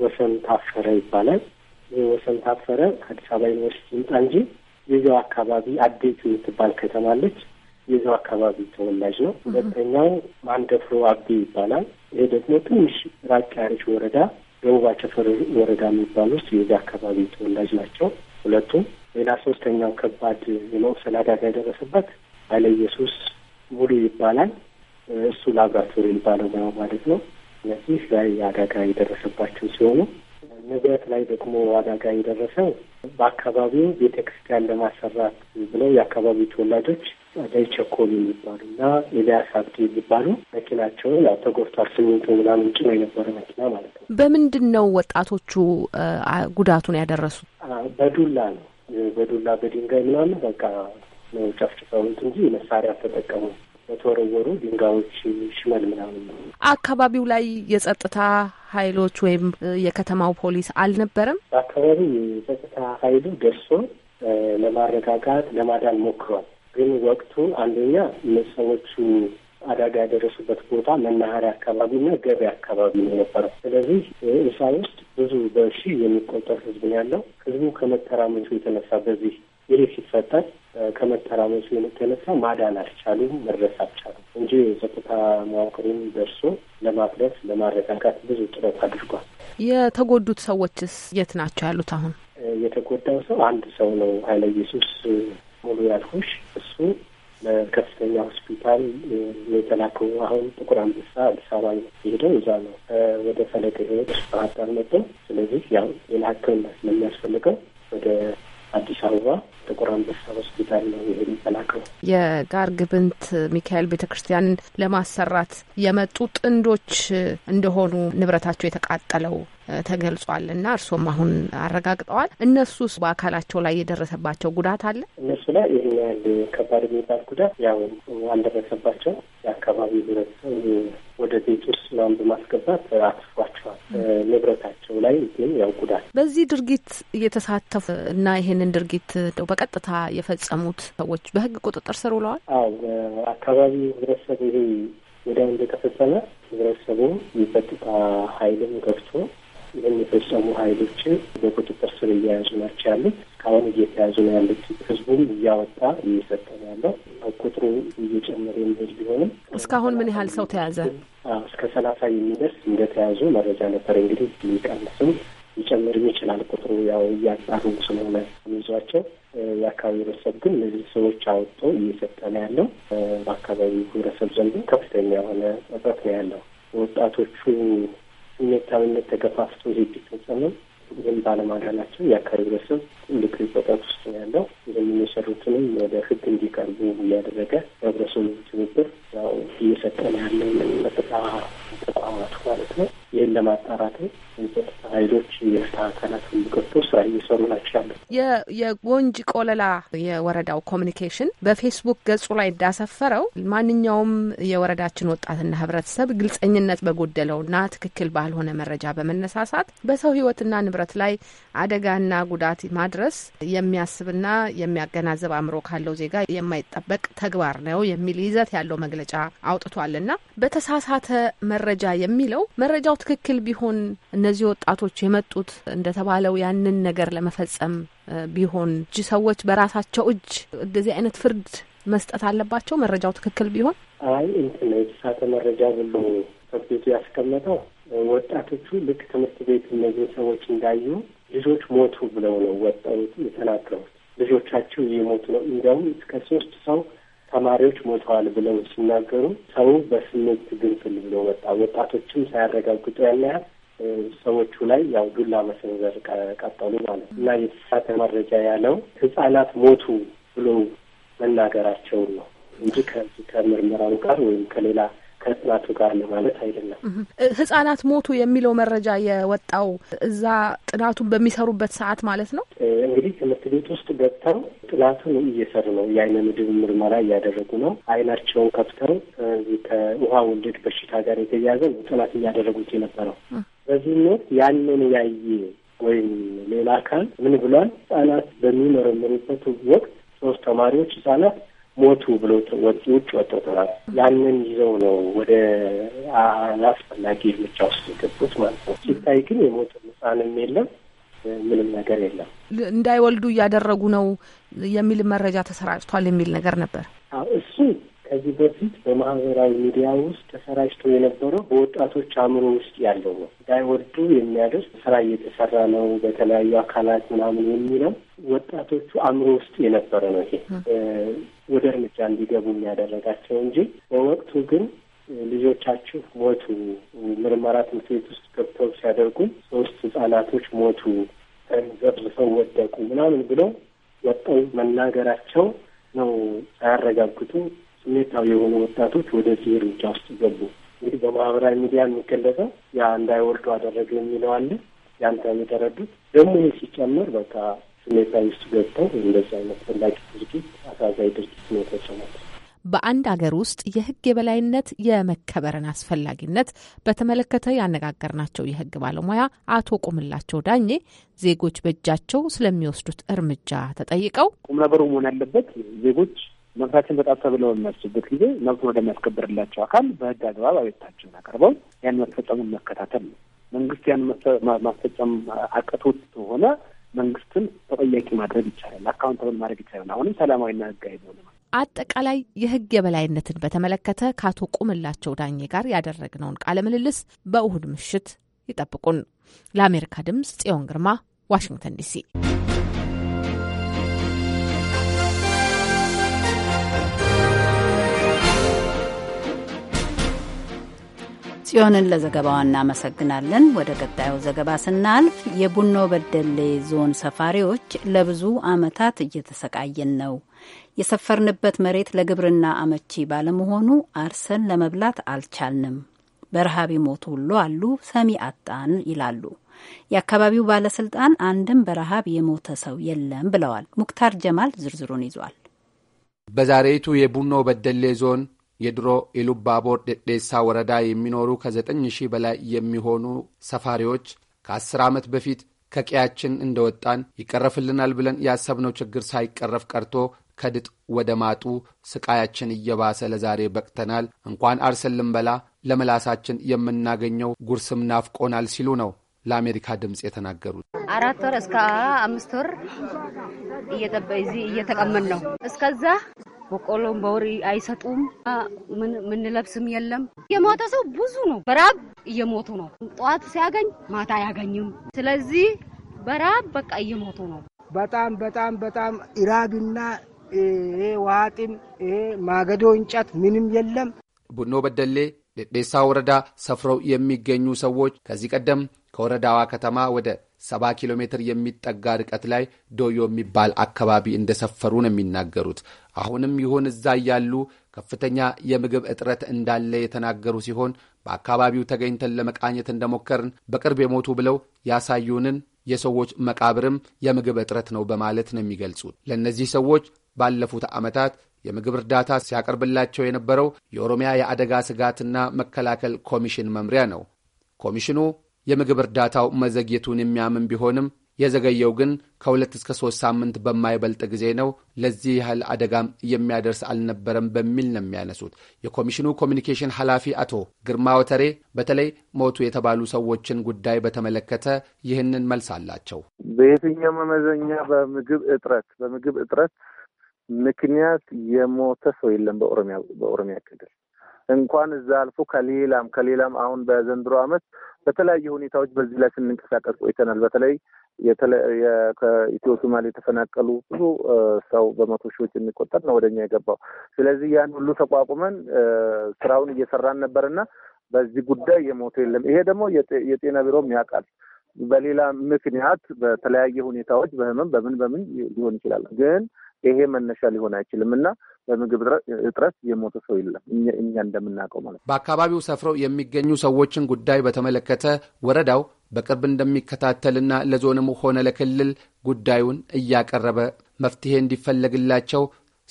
ወሰን ታፈረ ይባላል። ይህ ወሰን ታፈረ አዲስ አበባ ዩኒቨርሲቲ ይምጣ እንጂ የዚያው አካባቢ አዴት የምትባል ከተማለች የዛው አካባቢ ተወላጅ ነው። ሁለተኛው ማንደፍሮ አቤ ይባላል። ይሄ ደግሞ ትንሽ ራቅ ያለች ወረዳ ደቡብ አቸፈር ወረዳ የሚባል ውስጥ የዚህ አካባቢ ተወላጅ ናቸው ሁለቱም። ሌላ ሶስተኛው ከባድ የመቁሰል አደጋ የደረሰበት አለ ኢየሱስ ሙሉ ይባላል። እሱ ላብራቶሪ ባለሙያ ማለት ነው። እነዚህ ላይ አደጋ የደረሰባቸው ሲሆኑ ንብረት ላይ ደግሞ አደጋ የደረሰው በአካባቢው ቤተ ክርስቲያን ለማሰራት ብለው የአካባቢው ተወላጆች አዳይ ቸኮል የሚባሉ እና ኤልያስ አብዲ የሚባሉ መኪናቸውን ያው ተጎድቷል። ስሚንቶ ምናምን ጭኖ የነበረ መኪና ማለት ነው። በምንድን ነው ወጣቶቹ ጉዳቱን ያደረሱት? በዱላ ነው። በዱላ በድንጋይ ምናምን በቃ ነው ጨፍጭፈውት እንጂ መሳሪያ ተጠቀሙ። የተወረወሩ ድንጋዮች፣ ሽመል ምናምን አካባቢው ላይ የጸጥታ ኃይሎች ወይም የከተማው ፖሊስ አልነበረም። በአካባቢው የጸጥታ ኃይሉ ደርሶ ለማረጋጋት ለማዳን ሞክሯል። ግን ወቅቱ አንደኛ ሰዎቹ አደጋ ያደረሱበት ቦታ መናኸሪያ አካባቢና ገበያ አካባቢ ነው የነበረው። ስለዚህ እሳ ውስጥ ብዙ በሺ የሚቆጠር ህዝብ ነው ያለው። ህዝቡ ከመተራመቱ የተነሳ በዚህ ይሄ ሲፈጠር ከመተራመሱ የተነሳ ማዳን አልቻሉም፣ መድረስ አልቻሉም እንጂ የጸጥታ መዋቅሩን ደርሶ ለማድረስ ለማረጋጋት ብዙ ጥረት አድርጓል። የተጎዱት ሰዎችስ የት ናቸው ያሉት? አሁን የተጎዳው ሰው አንድ ሰው ነው፣ ኃይለ ኢየሱስ ሙሉ ያልኩሽ እሱ ለከፍተኛ ሆስፒታል የተላከው አሁን ጥቁር አንበሳ አዲስ አበባ ሄደው እዛ ነው ወደ ፈለገ ሕይወት ባህር ዳር ስለዚህ ያው ሌላ ሕክምና ስለሚያስፈልገው ወደ አዲስ አበባ ጥቁር አንበሳ ሆስፒታል ነው ይሄ የሚጠላቀው። የጋር ግብንት ሚካኤል ቤተ ክርስቲያንን ለማሰራት የመጡ ጥንዶች እንደሆኑ ንብረታቸው የተቃጠለው ተገልጿል እና እርስዎም አሁን አረጋግጠዋል። እነሱስ በአካላቸው ላይ የደረሰባቸው ጉዳት አለ? እነሱ ላይ ይህን ያህል ከባድ የሚባል ጉዳት ያው አልደረሰባቸው። የአካባቢ ህብረተሰብ ወደ ቤት ውስጥ ምናምን በማስገባት ንብረታቸው ላይ ግን ያው ጉዳት በዚህ ድርጊት እየተሳተፉ እና ይህንን ድርጊት በቀጥታ የፈጸሙት ሰዎች በህግ ቁጥጥር ስር ውለዋል። አዎ አካባቢ ህብረተሰቡ ይሄ ወዲያው እንደተፈጸመ ህብረተሰቡ የጸጥታ ኃይልም ገብቶ የሚፈጸሙ ሀይሎች በቁጥጥር ስር እያያዙ ናቸው ያሉት። እስካሁን እየተያዙ ነው ያሉት። ህዝቡም እያወጣ እየሰጠ ነው ያለው። ቁጥሩ እየጨመረ የሚሄድ ቢሆንም እስካሁን ምን ያህል ሰው ተያዘ? እስከ ሰላሳ የሚደርስ እንደተያዙ መረጃ ነበር። እንግዲህ የሚቀንስም ሊጨምርም ይችላል። ቁጥሩ ያው እያጣሩ ስለሆነ የሚይዟቸው የአካባቢ ህብረተሰብ ግን እነዚህ ሰዎች አውጥቶ እየሰጠ ነው ያለው። በአካባቢው ህብረተሰብ ዘንድ ከፍተኛ የሆነ እጥረት ነው ያለው። ወጣቶቹ ስሜታዊነት ተገፋፍቶ ዝግጅት ፈጸመ ይህም ባለማዳናቸው የአካባቢ ህብረተሰብ ትልቅ ሪፖርታት ውስጥ ነው ያለው። እንደምን ወደ ህግ እንዲቀርቡ እያደረገ ህብረተሰቡ ትብብር ያው እየሰጠን ያለው ለጸጥታ ተቋማቱ ማለት ነው። ይህን ለማጣራት የጸጥታ ኃይሎች የፍትህ አካላት ገብቶ ስራ እየሰሩ ናቸው ያለ የጎንጅ ቆለላ የወረዳው ኮሚኒኬሽን በፌስቡክ ገጹ ላይ እንዳሰፈረው ማንኛውም የወረዳችን ወጣትና ህብረተሰብ ግልጸኝነት በጎደለውና ትክክል ባልሆነ መረጃ በመነሳሳት በሰው ህይወትና ንብረት ላይ አደጋና ጉዳት ማድ ለማድረስ የሚያስብና የሚያገናዘብ አእምሮ ካለው ዜጋ የማይጠበቅ ተግባር ነው የሚል ይዘት ያለው መግለጫ አውጥቷልና በተሳሳተ መረጃ የሚለው መረጃው ትክክል ቢሆን እነዚህ ወጣቶች የመጡት እንደተባለው ያንን ነገር ለመፈጸም ቢሆን እጅ ሰዎች በራሳቸው እጅ እንደዚህ አይነት ፍርድ መስጠት አለባቸው። መረጃው ትክክል ቢሆን አይ እንትን ነው የተሳተ መረጃ ብሎ ፍርድ ቤቱ ያስቀመጠው ወጣቶቹ ልክ ትምህርት ቤት እነዚህ ሰዎች እንዳዩ ልጆች ሞቱ ብለው ነው ወጣው የተናገሩት። ልጆቻቸው እየሞቱ ነው። እንዲያውም እስከ ሶስት ሰው ተማሪዎች ሞተዋል ብለው ሲናገሩ ሰው በስሜት ግንፍል ብሎ ወጣ። ወጣቶችም ሳያረጋግጡ ያን ሰዎቹ ላይ ያው ዱላ መሰንዘር ቀጠሉ ማለት ነው እና የተሳተ መረጃ ያለው ህጻናት ሞቱ ብሎ መናገራቸውን ነው እንጂ ከምርመራው ጋር ወይም ከሌላ ከጥናቱ ጋር ለማለት አይደለም። ህጻናት ሞቱ የሚለው መረጃ የወጣው እዛ ጥናቱን በሚሰሩበት ሰዓት ማለት ነው። እንግዲህ ትምህርት ቤት ውስጥ ገብተው ጥናቱን እየሰሩ ነው። የአይነ ምድብ ምርመራ እያደረጉ ነው። አይናቸውን ከፍተው ከውሃ ወለድ በሽታ ጋር የተያያዘ ጥናት እያደረጉት የነበረው በዚህ ኖት ያንን ያየ ወይም ሌላ አካል ምን ብሏል? ህጻናት በሚመረምሩበት ወቅት ሶስት ተማሪዎች ህጻናት ሞቱ ብሎ ውጭ ወጥቶታል። ያንን ይዘው ነው ወደ አላስፈላጊ እርምጃ ውስጥ የገቡት ማለት ነው። ሲታይ ግን የሞት ሕፃንም የለም ምንም ነገር የለም። እንዳይወልዱ እያደረጉ ነው የሚል መረጃ ተሰራጭቷል የሚል ነገር ነበር። እሱ ከዚህ በፊት በማህበራዊ ሚዲያ ውስጥ ተሰራጭቶ የነበረው በወጣቶች አእምሮ ውስጥ ያለው ነው። እንዳይወልዱ የሚያደርስ ስራ እየተሰራ ነው በተለያዩ አካላት ምናምን የሚለው ወጣቶቹ አእምሮ ውስጥ የነበረ ነው። ይሄ ወደ እርምጃ እንዲገቡ የሚያደረጋቸው እንጂ በወቅቱ ግን ልጆቻችሁ ሞቱ፣ ምርመራ ትምህርት ቤት ውስጥ ገብተው ሲያደርጉ ሶስት ህጻናቶች ሞቱ፣ ዘብዝፈው ወደቁ ምናምን ብለው ወጣው መናገራቸው ነው ሳያረጋግጡ ስሜታዊ የሆኑ ወጣቶች ወደዚህ እርምጃ ውስጥ ገቡ። እንግዲህ በማህበራዊ ሚዲያ የሚገለጸው ያ እንዳይወርዱ አደረገ የሚለው አለ። ያንተ የተረዱት ደግሞ ይህ ሲጨመር በቃ ሁኔታ ውስጥ ገብተው እንደዚህ አይነት ፈላጊ ድርጊት አሳዛኝ ድርጊት ነው የተፈጸመው። በአንድ አገር ውስጥ የሕግ የበላይነት የመከበርን አስፈላጊነት በተመለከተ ያነጋገርናቸው የሕግ ባለሙያ አቶ ቁምላቸው ዳኜ ዜጎች በእጃቸው ስለሚወስዱት እርምጃ ተጠይቀው ቁም ነገሩ መሆን ያለበት ዜጎች መብታችን ተጣሰ ብለው የሚያስቡበት ጊዜ መብቱን ወደሚያስከብርላቸው አካል በሕግ አግባብ አቤታቸውን አቅርበው ያን መፈጸሙን መከታተል ነው። መንግስት ያን ማስፈጸም አቅቶት ከሆነ መንግስትን ተጠያቂ ማድረግ ይቻላል፣ አካውንታብል ማድረግ ይቻላል። አሁንም ሰላማዊና ህጋዊ ሆነ አጠቃላይ የህግ የበላይነትን በተመለከተ ከአቶ ቁምላቸው ዳኜ ጋር ያደረግነውን ቃለ ምልልስ በእሁድ ምሽት ይጠብቁን። ለአሜሪካ ድምፅ ጽዮን ግርማ ዋሽንግተን ዲሲ ጽዮንን ለዘገባዋ እናመሰግናለን። ወደ ቀጣዩ ዘገባ ስናልፍ የቡኖ በደሌ ዞን ሰፋሪዎች ለብዙ ዓመታት እየተሰቃየን ነው። የሰፈርንበት መሬት ለግብርና አመቺ ባለመሆኑ አርሰን ለመብላት አልቻልንም። በረሃብ ይሞቱ ሁሉ አሉ፣ ሰሚ አጣን ይላሉ። የአካባቢው ባለስልጣን አንድም በረሃብ የሞተ ሰው የለም ብለዋል። ሙክታር ጀማል ዝርዝሩን ይዟል። በዛሬቱ የቡኖ በደሌ ዞን የድሮ ኢሉባቦር ደዴሳ ወረዳ የሚኖሩ ከዘጠኝ ሺህ በላይ የሚሆኑ ሰፋሪዎች ከአስር ዓመት በፊት ከቀያችን እንደወጣን ይቀረፍልናል ብለን ያሰብነው ችግር ሳይቀረፍ ቀርቶ ከድጥ ወደ ማጡ ስቃያችን እየባሰ ለዛሬ በቅተናል። እንኳን አርሰን ልንበላ ለመላሳችን የምናገኘው ጉርስም ናፍቆናል ሲሉ ነው ለአሜሪካ ድምፅ የተናገሩት። አራት ወር እስከ አምስት ወር እየተቀመን ነው እስከዛ በቆሎም በወር አይሰጡም። ምንለብስም የለም። የሞተ ሰው ብዙ ነው። በራብ እየሞቱ ነው። ጠዋት ሲያገኝ ማታ አያገኝም። ስለዚህ በራብ በቃ እየሞቱ ነው። በጣም በጣም በጣም ኢራብና ይሄ ዋጢም ይሄ ማገዶ እንጨት ምንም የለም። ቡኖ በደሌ ዴዴሳ ወረዳ ሰፍረው የሚገኙ ሰዎች ከዚህ ቀደም ከወረዳዋ ከተማ ወደ ሰባ ኪሎ ሜትር የሚጠጋ ርቀት ላይ ዶዮ የሚባል አካባቢ እንደሰፈሩ ነው የሚናገሩት። አሁንም ይሁን እዛ ያሉ ከፍተኛ የምግብ እጥረት እንዳለ የተናገሩ ሲሆን በአካባቢው ተገኝተን ለመቃኘት እንደሞከርን በቅርብ የሞቱ ብለው ያሳዩንን የሰዎች መቃብርም የምግብ እጥረት ነው በማለት ነው የሚገልጹት። ለእነዚህ ሰዎች ባለፉት ዓመታት የምግብ እርዳታ ሲያቀርብላቸው የነበረው የኦሮሚያ የአደጋ ስጋትና መከላከል ኮሚሽን መምሪያ ነው። ኮሚሽኑ የምግብ እርዳታው መዘግየቱን የሚያምን ቢሆንም የዘገየው ግን ከሁለት እስከ ሦስት ሳምንት በማይበልጥ ጊዜ ነው። ለዚህ ያህል አደጋም የሚያደርስ አልነበረም በሚል ነው የሚያነሱት። የኮሚሽኑ ኮሚኒኬሽን ኃላፊ አቶ ግርማ ወተሬ በተለይ ሞቱ የተባሉ ሰዎችን ጉዳይ በተመለከተ ይህንን መልስ አላቸው። በየትኛው መመዘኛ በምግብ እጥረት በምግብ እጥረት ምክንያት የሞተ ሰው የለም። በኦሮሚያ በኦሮሚያ ክልል እንኳን እዛ አልፎ ከሌላም ከሌላም አሁን በዘንድሮ አመት በተለያየ ሁኔታዎች በዚህ ላይ ስንንቀሳቀስ ቆይተናል። በተለይ ከኢትዮ ሶማሌ የተፈናቀሉ ብዙ ሰው በመቶ ሺዎች የሚቆጠር ነው ወደኛ የገባው። ስለዚህ ያን ሁሉ ተቋቁመን ስራውን እየሰራን ነበር እና በዚህ ጉዳይ የሞተ የለም። ይሄ ደግሞ የጤና ቢሮም ያውቃል። በሌላ ምክንያት በተለያየ ሁኔታዎች በህመም በምን በምን ሊሆን ይችላል ግን ይሄ መነሻ ሊሆን አይችልም እና በምግብ እጥረት የሞተ ሰው የለም እኛ እንደምናውቀው ማለት ነው። በአካባቢው ሰፍረው የሚገኙ ሰዎችን ጉዳይ በተመለከተ ወረዳው በቅርብ እንደሚከታተልና ለዞንም ሆነ ለክልል ጉዳዩን እያቀረበ መፍትሄ እንዲፈለግላቸው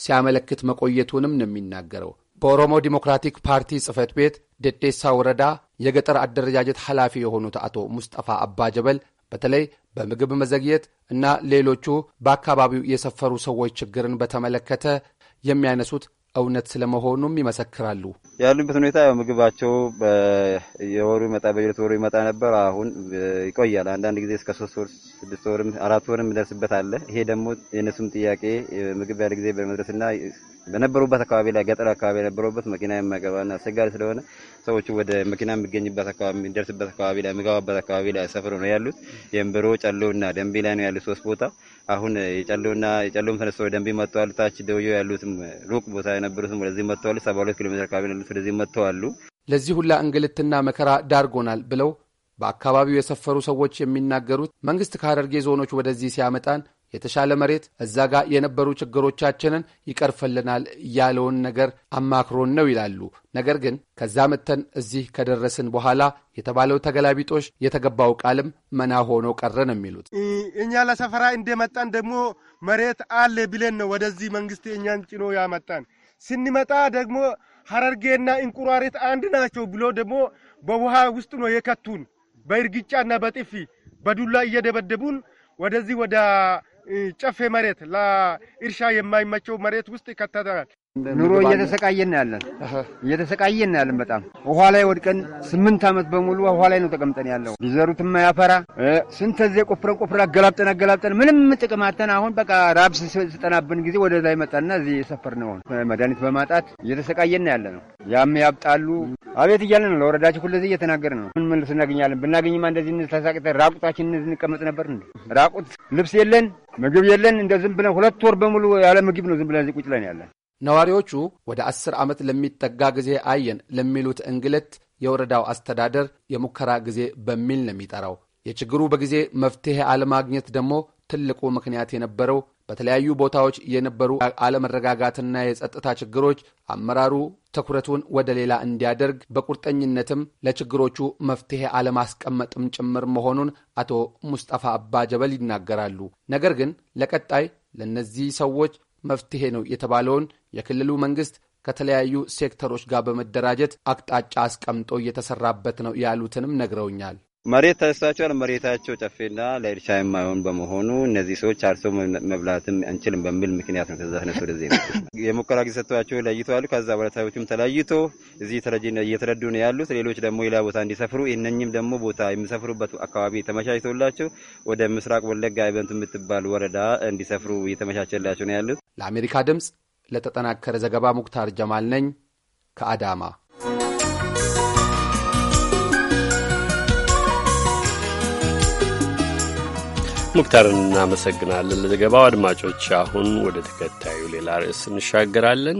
ሲያመለክት መቆየቱንም ነው የሚናገረው። በኦሮሞ ዲሞክራቲክ ፓርቲ ጽህፈት ቤት ደዴሳ ወረዳ የገጠር አደረጃጀት ኃላፊ የሆኑት አቶ ሙስጠፋ አባ ጀበል በተለይ በምግብ መዘግየት እና ሌሎቹ በአካባቢው የሰፈሩ ሰዎች ችግርን በተመለከተ የሚያነሱት እውነት ስለመሆኑም ይመሰክራሉ። ያሉበት ሁኔታ ያው ምግባቸው የወሩ ይመጣ በጀት ወሩ ይመጣ ነበር። አሁን ይቆያል። አንዳንድ ጊዜ እስከ ሶስት ወር ስድስት ወርም አራት ወርም ይደርስበት አለ። ይሄ ደግሞ የእነሱም ጥያቄ ምግብ ያለ ጊዜ በመድረስና በነበሩበት አካባቢ ላይ ገጠር አካባቢ የነበሩበት መኪና የማይገባና አስቸጋሪ ስለሆነ ሰዎቹ ወደ መኪና የሚገኝበት አካባቢ የሚደርስበት አካባቢ ላይ የሚገባበት አካባቢ ላይ ሰፍሮ ነው ያሉት። የእምብሮ ጨሎና ደንቢ ላይ ነው ያሉት ሶስት ቦታ። አሁን የጨሎና የጨሎም ተነስቶ ደንቢ መጥተዋል። ታች ደውዮ ያሉትም ሩቅ ቦታ የነበሩትም ወደዚህ መጥተዋል። ሰባ ሁለት ኪሎ ሜትር አካባቢ ያሉት ወደዚህ መጥተዋሉ። ለዚህ ሁላ እንግልትና መከራ ዳርጎናል ብለው በአካባቢው የሰፈሩ ሰዎች የሚናገሩት መንግስት ከሀረርጌ ዞኖች ወደዚህ ሲያመጣን የተሻለ መሬት እዛ ጋር የነበሩ ችግሮቻችንን ይቀርፍልናል ያለውን ነገር አማክሮን ነው ይላሉ። ነገር ግን ከዛ መተን እዚህ ከደረስን በኋላ የተባለው ተገላቢጦሽ የተገባው ቃልም መና ሆኖ ቀረ ነው የሚሉት። እኛ ለሰፈራ እንደመጣን ደግሞ መሬት አለ ብለን ነው ወደዚህ መንግስት እኛን ጭኖ ያመጣን። ስንመጣ ደግሞ ሀረርጌና እንቁራሪት አንድ ናቸው ብሎ ደግሞ በውሃ ውስጥ ነው የከቱን። በእርግጫና በጥፊ በዱላ እየደበደቡን ወደዚህ ወደ ጨፌ መሬት ለእርሻ የማይመቸው መሬት ውስጥ ይከተታል። ኑሮ እየተሰቃየን ነው ያለን፣ እየተሰቃየን ነው ያለን። በጣም ውሃ ላይ ወድቀን ስምንት ዓመት በሙሉ ውሃ ላይ ነው ተቀምጠን ያለው። ቢዘሩት ያፈራ ስንት እዚህ ቆፍረን ቆፍረን አገላብጠን አገላብጠን ምንም ጥቅም አተን። አሁን በቃ ራብ ስጠናብን ጊዜ ወደ ላይ መጣና እዚህ የሰፈር ነው። መድኃኒት በማጣት እየተሰቃየን ነው ያለ ነው። ያም ያብጣሉ አቤት እያለ ነው ለወረዳችሁ ሁለዚህ እየተናገር ነው። ምን መልስ እናገኛለን? ብናገኝማ እንደዚህ ተሳቅተን ራቁታችን እንቀመጥ ነበር። ራቁት ልብስ የለን ምግብ የለን። እንደ ዝም ብለን ሁለት ወር በሙሉ ያለ ምግብ ነው ዝም ብለን እዚህ ቁጭ ለን ያለን ነዋሪዎቹ ወደ አስር ዓመት ለሚጠጋ ጊዜ አየን ለሚሉት እንግልት የወረዳው አስተዳደር የሙከራ ጊዜ በሚል ነው የሚጠራው። የችግሩ በጊዜ መፍትሔ አለማግኘት ደግሞ ትልቁ ምክንያት የነበረው በተለያዩ ቦታዎች የነበሩ አለመረጋጋትና የጸጥታ ችግሮች አመራሩ ትኩረቱን ወደ ሌላ እንዲያደርግ በቁርጠኝነትም ለችግሮቹ መፍትሔ አለማስቀመጥም ጭምር መሆኑን አቶ ሙስጠፋ አባ ጀበል ይናገራሉ። ነገር ግን ለቀጣይ ለእነዚህ ሰዎች መፍትሄ ነው የተባለውን የክልሉ መንግስት ከተለያዩ ሴክተሮች ጋር በመደራጀት አቅጣጫ አስቀምጦ እየተሰራበት ነው ያሉትንም ነግረውኛል። መሬት ተነሳቸዋል። መሬታቸው ጨፌና ለእርሻ የማይሆን በመሆኑ እነዚህ ሰዎች አርሶ መብላትም አንችልም በሚል ምክንያት ነው። ከዛ ተነሱ ወደዚህ ነው የሙከራ ጊዜ ሰጥቷቸው ለይተዋሉ። ከዛ በረታዎችም ተለይቶ እዚህ እየተረዱ ነው ያሉት። ሌሎች ደግሞ ሌላ ቦታ እንዲሰፍሩ እነኝም ደግሞ ቦታ የሚሰፍሩበት አካባቢ ተመቻችቶላቸው ወደ ምስራቅ ወለጋ ኢቨንቱ የምትባል ወረዳ እንዲሰፍሩ እየተመቻቸላቸው ነው ያሉት። ለአሜሪካ ድምጽ ለተጠናከረ ዘገባ ሙክታር ጀማል ነኝ ከአዳማ ሙክታርን እናመሰግናለን ለዘገባው። አድማጮች አሁን ወደ ተከታዩ ሌላ ርዕስ እንሻገራለን።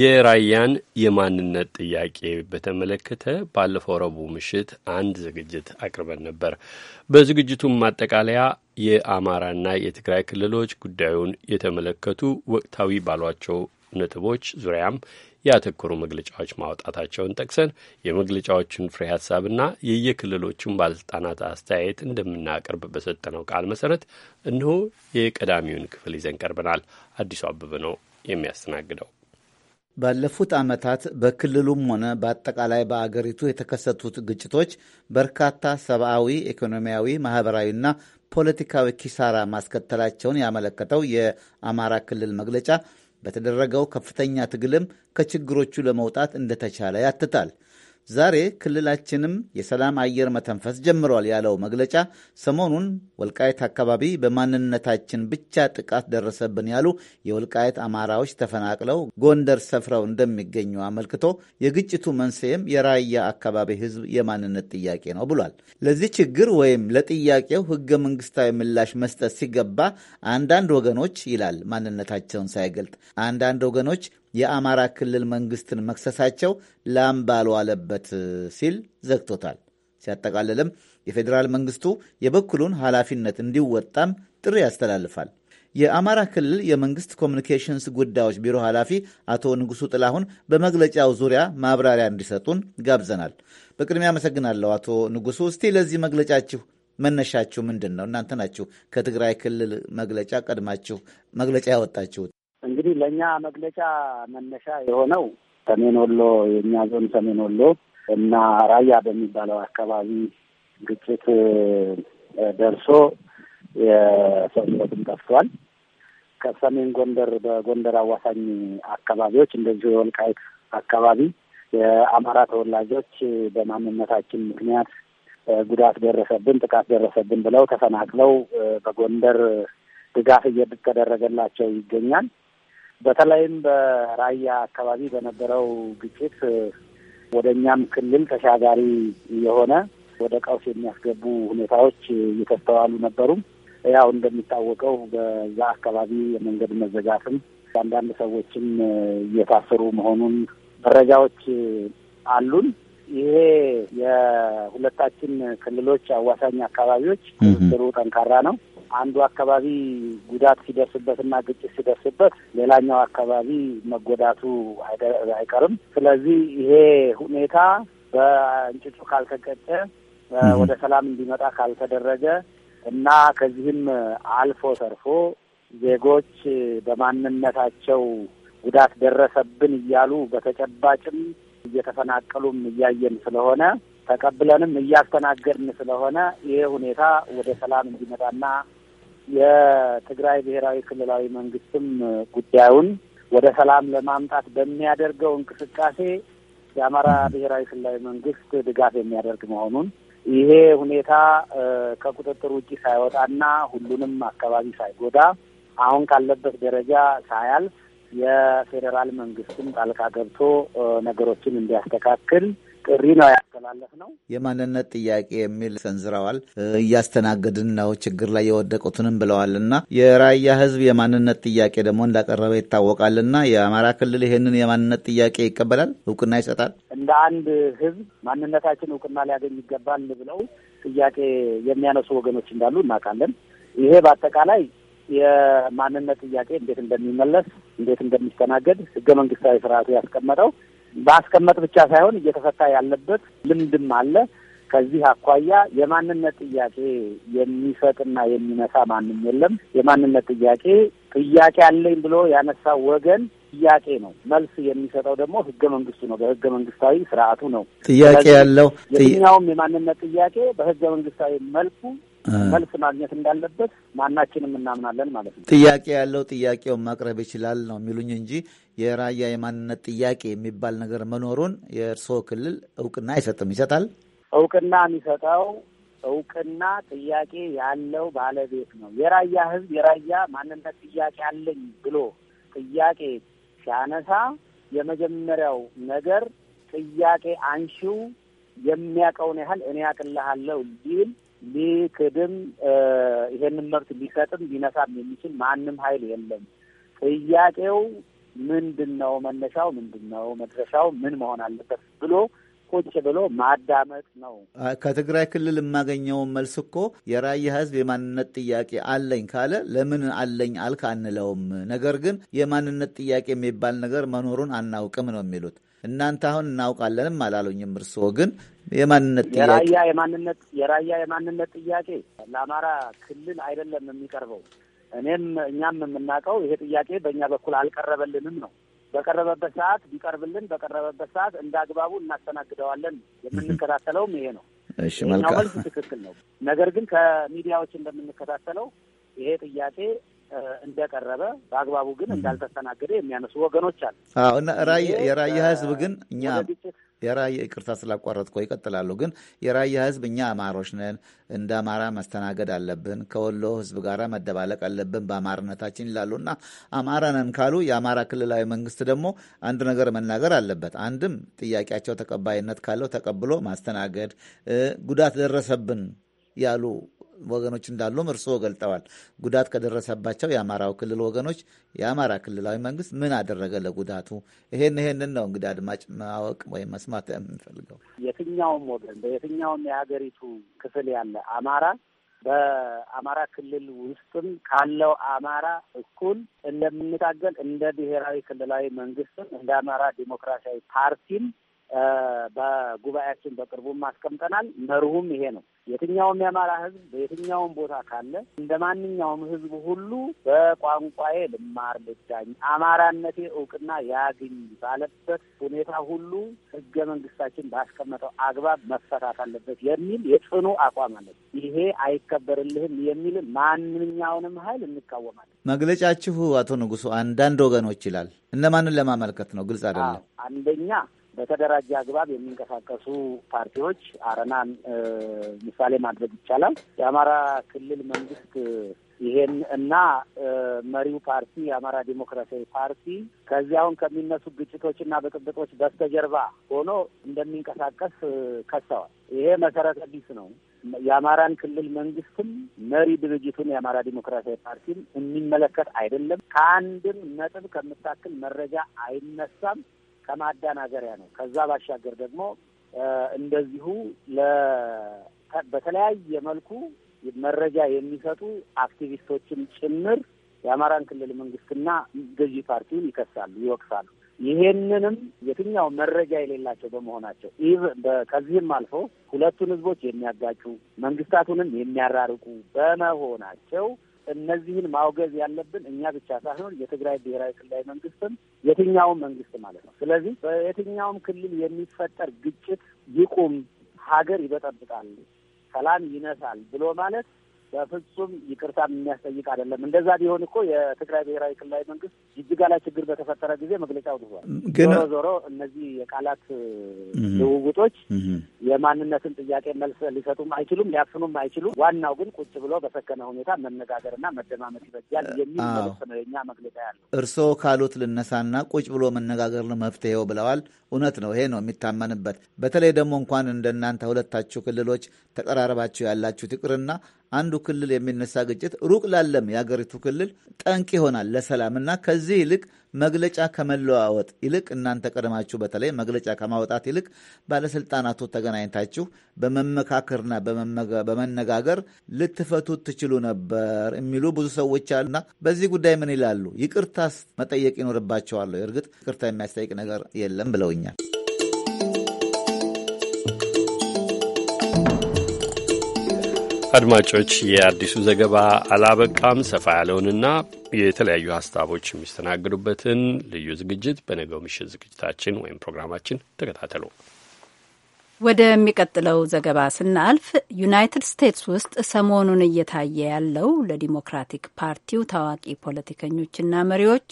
የራያን የማንነት ጥያቄ በተመለከተ ባለፈው ረቡዕ ምሽት አንድ ዝግጅት አቅርበን ነበር። በዝግጅቱም ማጠቃለያ የአማራና የትግራይ ክልሎች ጉዳዩን የተመለከቱ ወቅታዊ ባሏቸው ነጥቦች ዙሪያም ያተኮሩ መግለጫዎች ማውጣታቸውን ጠቅሰን የመግለጫዎቹን ፍሬ ሀሳብና የየክልሎቹን ባለስልጣናት አስተያየት እንደምናቀርብ በሰጠነው ቃል መሰረት እነሆ የቀዳሚውን ክፍል ይዘን ቀርበናል። አዲሱ አበበ ነው የሚያስተናግደው። ባለፉት ዓመታት በክልሉም ሆነ በአጠቃላይ በአገሪቱ የተከሰቱት ግጭቶች በርካታ ሰብአዊ፣ ኢኮኖሚያዊ፣ ማህበራዊና ፖለቲካዊ ኪሳራ ማስከተላቸውን ያመለከተው የአማራ ክልል መግለጫ በተደረገው ከፍተኛ ትግልም ከችግሮቹ ለመውጣት እንደተቻለ ያትታል። ዛሬ ክልላችንም የሰላም አየር መተንፈስ ጀምሯል ያለው መግለጫ ሰሞኑን ወልቃየት አካባቢ በማንነታችን ብቻ ጥቃት ደረሰብን ያሉ የወልቃየት አማራዎች ተፈናቅለው ጎንደር ሰፍረው እንደሚገኙ አመልክቶ የግጭቱ መንስኤም የራያ አካባቢ ሕዝብ የማንነት ጥያቄ ነው ብሏል። ለዚህ ችግር ወይም ለጥያቄው ሕገ መንግስታዊ ምላሽ መስጠት ሲገባ አንዳንድ ወገኖች ይላል ማንነታቸውን ሳይገልጥ አንዳንድ ወገኖች የአማራ ክልል መንግስትን መክሰሳቸው ላም ባልዋለበት ሲል ዘግቶታል። ሲያጠቃልልም የፌዴራል መንግስቱ የበኩሉን ኃላፊነት እንዲወጣም ጥሪ ያስተላልፋል። የአማራ ክልል የመንግስት ኮሚኒኬሽንስ ጉዳዮች ቢሮ ኃላፊ አቶ ንጉሱ ጥላሁን በመግለጫው ዙሪያ ማብራሪያ እንዲሰጡን ጋብዘናል። በቅድሚያ አመሰግናለሁ አቶ ንጉሱ። እስቲ ለዚህ መግለጫችሁ መነሻችሁ ምንድን ነው? እናንተ ናችሁ ከትግራይ ክልል መግለጫ ቀድማችሁ መግለጫ ያወጣችሁት። እንግዲህ ለእኛ መግለጫ መነሻ የሆነው ሰሜን ወሎ የእኛ ዞን ሰሜን ወሎ እና ራያ በሚባለው አካባቢ ግጭት ደርሶ የሰው ሕይወትም ጠፍቷል። ከሰሜን ጎንደር በጎንደር አዋሳኝ አካባቢዎች እንደዚሁ የወልቃይት አካባቢ የአማራ ተወላጆች በማንነታችን ምክንያት ጉዳት ደረሰብን፣ ጥቃት ደረሰብን ብለው ተፈናቅለው በጎንደር ድጋፍ እየተደረገላቸው ይገኛል። በተለይም በራያ አካባቢ በነበረው ግጭት ወደ እኛም ክልል ተሻጋሪ የሆነ ወደ ቀውስ የሚያስገቡ ሁኔታዎች እየተስተዋሉ ነበሩ። ያው እንደሚታወቀው በዛ አካባቢ የመንገድ መዘጋትም አንዳንድ ሰዎችም እየታሰሩ መሆኑን መረጃዎች አሉን። ይሄ የሁለታችን ክልሎች አዋሳኝ አካባቢዎች ስሩ ጠንካራ ነው። አንዱ አካባቢ ጉዳት ሲደርስበትና ግጭት ሲደርስበት ሌላኛው አካባቢ መጎዳቱ አይቀርም። ስለዚህ ይሄ ሁኔታ በእንጭጩ ካልተቀጨ ወደ ሰላም እንዲመጣ ካልተደረገ እና ከዚህም አልፎ ተርፎ ዜጎች በማንነታቸው ጉዳት ደረሰብን እያሉ በተጨባጭም እየተፈናቀሉም እያየን ስለሆነ ተቀብለንም እያስተናገድን ስለሆነ ይሄ ሁኔታ ወደ ሰላም እንዲመጣና የትግራይ ብሔራዊ ክልላዊ መንግስትም ጉዳዩን ወደ ሰላም ለማምጣት በሚያደርገው እንቅስቃሴ የአማራ ብሔራዊ ክልላዊ መንግስት ድጋፍ የሚያደርግ መሆኑን ይሄ ሁኔታ ከቁጥጥር ውጭ ሳይወጣና ሁሉንም አካባቢ ሳይጎዳ አሁን ካለበት ደረጃ ሳያልፍ የፌዴራል መንግስትም ጣልቃ ገብቶ ነገሮችን እንዲያስተካክል ጥሪ ነው ያስተላለፍ ነው። የማንነት ጥያቄ የሚል ሰንዝረዋል። እያስተናገድን ነው ችግር ላይ የወደቁትንም ብለዋል እና የራያ ህዝብ የማንነት ጥያቄ ደግሞ እንዳቀረበ ይታወቃል እና የአማራ ክልል ይህንን የማንነት ጥያቄ ይቀበላል፣ እውቅና ይሰጣል። እንደ አንድ ህዝብ ማንነታችን እውቅና ሊያገኝ ይገባል ብለው ጥያቄ የሚያነሱ ወገኖች እንዳሉ እናውቃለን። ይሄ በአጠቃላይ የማንነት ጥያቄ እንዴት እንደሚመለስ እንዴት እንደሚስተናገድ ህገ መንግስታዊ ስርዓቱ ያስቀመጠው ማስቀመጥ ብቻ ሳይሆን እየተፈታ ያለበት ልምድም አለ። ከዚህ አኳያ የማንነት ጥያቄ የሚሰጥና የሚነሳ ማንም የለም። የማንነት ጥያቄ ጥያቄ አለኝ ብሎ ያነሳው ወገን ጥያቄ ነው። መልስ የሚሰጠው ደግሞ ህገ መንግስቱ ነው፣ በህገ መንግስታዊ ስርዓቱ ነው። ጥያቄ ያለው የትኛውም የማንነት ጥያቄ በህገ መንግስታዊ መልኩ መልስ ማግኘት እንዳለበት ማናችንም እናምናለን ማለት ነው። ጥያቄ ያለው ጥያቄውን ማቅረብ ይችላል ነው የሚሉኝ እንጂ የራያ የማንነት ጥያቄ የሚባል ነገር መኖሩን የእርስዎ ክልል እውቅና አይሰጥም። ይሰጣል? እውቅና የሚሰጠው እውቅና ጥያቄ ያለው ባለቤት ነው። የራያ ህዝብ የራያ ማንነት ጥያቄ አለኝ ብሎ ጥያቄ ሲያነሳ የመጀመሪያው ነገር ጥያቄ አንሺው የሚያውቀውን ያህል እኔ ያቅልሃለሁ ሊል ሊክድም ይሄንን መብት ሊሰጥም ሊነሳም የሚችል ማንም ኃይል የለም። ጥያቄው ምንድን ነው? መነሻው ምንድን ነው? መድረሻው ምን መሆን አለበት ብሎ ቁጭ ብሎ ማዳመጥ ነው። ከትግራይ ክልል የማገኘውን መልስ እኮ የራያ ህዝብ የማንነት ጥያቄ አለኝ ካለ ለምን አለኝ አልክ አንለውም። ነገር ግን የማንነት ጥያቄ የሚባል ነገር መኖሩን አናውቅም ነው የሚሉት። እናንተ አሁን እናውቃለንም አላሉኝም። እርስዎ ግን የማንነት የራያ የማንነት የራያ የማንነት ጥያቄ ለአማራ ክልል አይደለም የሚቀርበው። እኔም እኛም የምናውቀው ይሄ ጥያቄ በእኛ በኩል አልቀረበልንም ነው። በቀረበበት ሰዓት ቢቀርብልን በቀረበበት ሰዓት እንደ አግባቡ እናስተናግደዋለን። የምንከታተለውም ይሄ ነው። እሺ መልካም ትክክል ነው። ነገር ግን ከሚዲያዎች እንደምንከታተለው ይሄ ጥያቄ እንደቀረበ በአግባቡ ግን እንዳልተስተናገደ የሚያነሱ ወገኖች አሉ። አዎ እና የራያ ህዝብ ግን እኛ የራያ ይቅርታ ስላቋረጥኩ ይቀጥላሉ። ግን የራያ ህዝብ እኛ አማሮች ነን፣ እንደ አማራ መስተናገድ አለብን፣ ከወሎ ህዝብ ጋር መደባለቅ አለብን በአማርነታችን ይላሉ እና አማራ ነን ካሉ የአማራ ክልላዊ መንግስት ደግሞ አንድ ነገር መናገር አለበት። አንድም ጥያቄያቸው ተቀባይነት ካለው ተቀብሎ ማስተናገድ፣ ጉዳት ደረሰብን ያሉ ወገኖች እንዳሉም እርስዎ ገልጠዋል። ጉዳት ከደረሰባቸው የአማራው ክልል ወገኖች የአማራ ክልላዊ መንግስት ምን አደረገ ለጉዳቱ? ይሄን ይሄንን ነው እንግዲህ አድማጭ ማወቅ ወይም መስማት የምንፈልገው። የትኛውም ወገን በየትኛውም የሀገሪቱ ክፍል ያለ አማራ በአማራ ክልል ውስጥም ካለው አማራ እኩል እንደምንታገል እንደ ብሔራዊ ክልላዊ መንግስትም እንደ አማራ ዲሞክራሲያዊ ፓርቲም በጉባኤያችን በቅርቡም አስቀምጠናል። መርሁም ይሄ ነው። የትኛውም የአማራ ህዝብ በየትኛውም ቦታ ካለ እንደ ማንኛውም ህዝብ ሁሉ በቋንቋዬ ልማር፣ ልዳኝ፣ አማራነቴ እውቅና ያግኝ ባለበት ሁኔታ ሁሉ ህገ መንግስታችን ባስቀመጠው አግባብ መፈታት አለበት የሚል የጽኑ አቋም አለ። ይሄ አይከበርልህም የሚል ማንኛውንም ሀይል እንቃወማለን። መግለጫችሁ አቶ ንጉሱ አንዳንድ ወገኖች ይላል እነማንን ለማመልከት ነው? ግልጽ አይደለም። አንደኛ በተደራጀ አግባብ የሚንቀሳቀሱ ፓርቲዎች አረናን ምሳሌ ማድረግ ይቻላል። የአማራ ክልል መንግስት ይሄን እና መሪው ፓርቲ የአማራ ዲሞክራሲያዊ ፓርቲ ከዚያውን ከሚነሱ ግጭቶችና ብጥብጦች በስተጀርባ ሆኖ እንደሚንቀሳቀስ ከሰዋል። ይሄ መሰረተ ቢስ ነው። የአማራን ክልል መንግስትም መሪ ድርጅቱን የአማራ ዲሞክራሲያዊ ፓርቲን የሚመለከት አይደለም። ከአንድም ነጥብ ከምታክል መረጃ አይነሳም። ከማዳናገሪያ ነው። ከዛ ባሻገር ደግሞ እንደዚሁ በተለያየ መልኩ መረጃ የሚሰጡ አክቲቪስቶችን ጭምር የአማራን ክልል መንግስትና ገዢ ፓርቲውን ይከሳሉ፣ ይወቅሳሉ። ይሄንንም የትኛው መረጃ የሌላቸው በመሆናቸው ከዚህም አልፎ ሁለቱን ህዝቦች የሚያጋጩ መንግስታቱንም የሚያራርቁ በመሆናቸው እነዚህን ማውገዝ ያለብን እኛ ብቻ ሳይሆን የትግራይ ብሔራዊ ክልላዊ መንግስትም የትኛውም መንግስት ማለት ነው። ስለዚህ በየትኛውም ክልል የሚፈጠር ግጭት ይቁም፣ ሀገር ይበጠብጣል፣ ሰላም ይነሳል ብሎ ማለት በፍጹም ይቅርታ የሚያስጠይቅ አይደለም። እንደዛ ቢሆን እኮ የትግራይ ብሔራዊ ክልላዊ መንግስት ጅጅጋ ላይ ችግር በተፈጠረ ጊዜ መግለጫ አውጥቷል። ዞሮ ዞሮ እነዚህ የቃላት ልውውጦች የማንነትን ጥያቄ መልስ ሊሰጡም አይችሉም፣ ሊያፍኑም አይችሉም። ዋናው ግን ቁጭ ብሎ በሰከነ ሁኔታ መነጋገርና መደማመጥ ይበጃል የሚል መልስ ነው የኛ መግለጫ ያለው። እርስዎ ካሉት ልነሳና ቁጭ ብሎ መነጋገር መፍትሄው ብለዋል። እውነት ነው፣ ይሄ ነው የሚታመንበት። በተለይ ደግሞ እንኳን እንደናንተ ሁለታችሁ ክልሎች ተቀራረባችሁ ያላችሁ ትቅርና አንዱ ክልል የሚነሳ ግጭት ሩቅ ላለም የአገሪቱ ክልል ጠንቅ ይሆናል ለሰላም እና ከዚህ ይልቅ መግለጫ ከመለዋወጥ ይልቅ እናንተ ቀደማችሁ በተለይ መግለጫ ከማውጣት ይልቅ ባለስልጣናቱ ተገናኝታችሁ በመመካከርና በመነጋገር ልትፈቱ ትችሉ ነበር የሚሉ ብዙ ሰዎች አሉና በዚህ ጉዳይ ምን ይላሉ? ይቅርታስ መጠየቅ ይኖርባቸዋለሁ። እርግጥ ይቅርታ የሚያስጠይቅ ነገር የለም ብለውኛል። አድማጮች የአዲሱ ዘገባ አላበቃም። ሰፋ ያለውንና የተለያዩ ሀሳቦች የሚስተናግዱበትን ልዩ ዝግጅት በነገው ምሽት ዝግጅታችን ወይም ፕሮግራማችን ተከታተሉ። ወደሚቀጥለው ዘገባ ስናልፍ ዩናይትድ ስቴትስ ውስጥ ሰሞኑን እየታየ ያለው ለዲሞክራቲክ ፓርቲው ታዋቂ ፖለቲከኞችና መሪዎች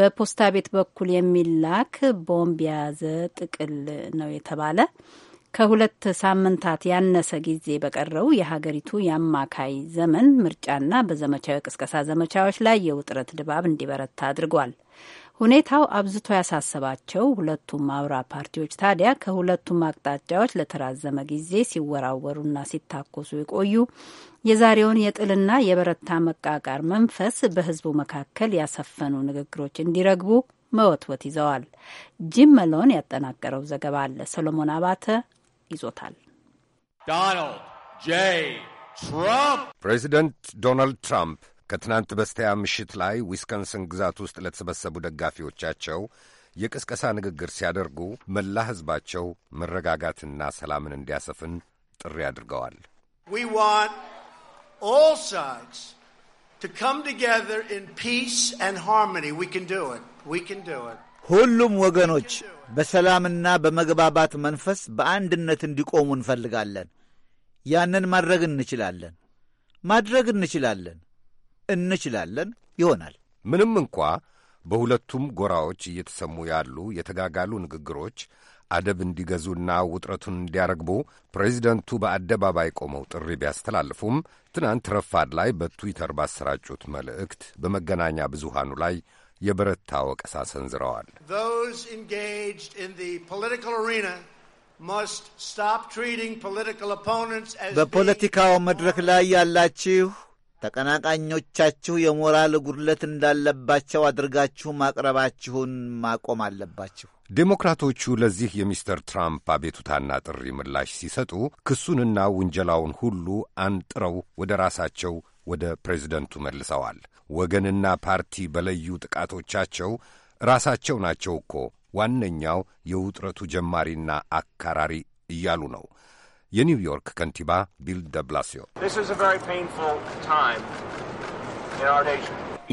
በፖስታ ቤት በኩል የሚላክ ቦምብ የያዘ ጥቅል ነው የተባለ ከሁለት ሳምንታት ያነሰ ጊዜ በቀረው የሀገሪቱ የአማካይ ዘመን ምርጫና በዘመቻዊ ቅስቀሳ ዘመቻዎች ላይ የውጥረት ድባብ እንዲበረታ አድርጓል። ሁኔታው አብዝቶ ያሳሰባቸው ሁለቱም አውራ ፓርቲዎች ታዲያ ከሁለቱም አቅጣጫዎች ለተራዘመ ጊዜ ሲወራወሩና ሲታኮሱ የቆዩ የዛሬውን የጥልና የበረታ መቃቃር መንፈስ በሕዝቡ መካከል ያሰፈኑ ንግግሮች እንዲረግቡ መወትወት ይዘዋል። ጂም መሎን ያጠናቀረው ዘገባ አለ። ሰሎሞን አባተ ይዞታል። ፕሬዚደንት ዶናልድ ትራምፕ ከትናንት በስቲያ ምሽት ላይ ዊስኮንስን ግዛት ውስጥ ለተሰበሰቡ ደጋፊዎቻቸው የቅስቀሳ ንግግር ሲያደርጉ መላ ሕዝባቸው መረጋጋትና ሰላምን እንዲያሰፍን ጥሪ አድርገዋል። ሁሉም ወገኖች በሰላምና በመግባባት መንፈስ በአንድነት እንዲቆሙ እንፈልጋለን። ያንን ማድረግ እንችላለን ማድረግ እንችላለን እንችላለን ይሆናል። ምንም እንኳ በሁለቱም ጎራዎች እየተሰሙ ያሉ የተጋጋሉ ንግግሮች አደብ እንዲገዙና ውጥረቱን እንዲያረግቡ ፕሬዚደንቱ በአደባባይ ቆመው ጥሪ ቢያስተላልፉም ትናንት ረፋድ ላይ በትዊተር ባሰራጩት መልእክት በመገናኛ ብዙሃኑ ላይ የበረታ ወቀሳ ሰንዝረዋል። በፖለቲካው መድረክ ላይ ያላችሁ ተቀናቃኞቻችሁ የሞራል ጉድለት እንዳለባቸው አድርጋችሁ ማቅረባችሁን ማቆም አለባችሁ። ዴሞክራቶቹ ለዚህ የሚስተር ትራምፕ አቤቱታና ጥሪ ምላሽ ሲሰጡ ክሱንና ውንጀላውን ሁሉ አንጥረው ወደ ራሳቸው ወደ ፕሬዚደንቱ መልሰዋል። ወገንና ፓርቲ በለዩ ጥቃቶቻቸው ራሳቸው ናቸው እኮ ዋነኛው የውጥረቱ ጀማሪና አካራሪ እያሉ ነው የኒውዮርክ ከንቲባ ቢል ደብላሲዮ።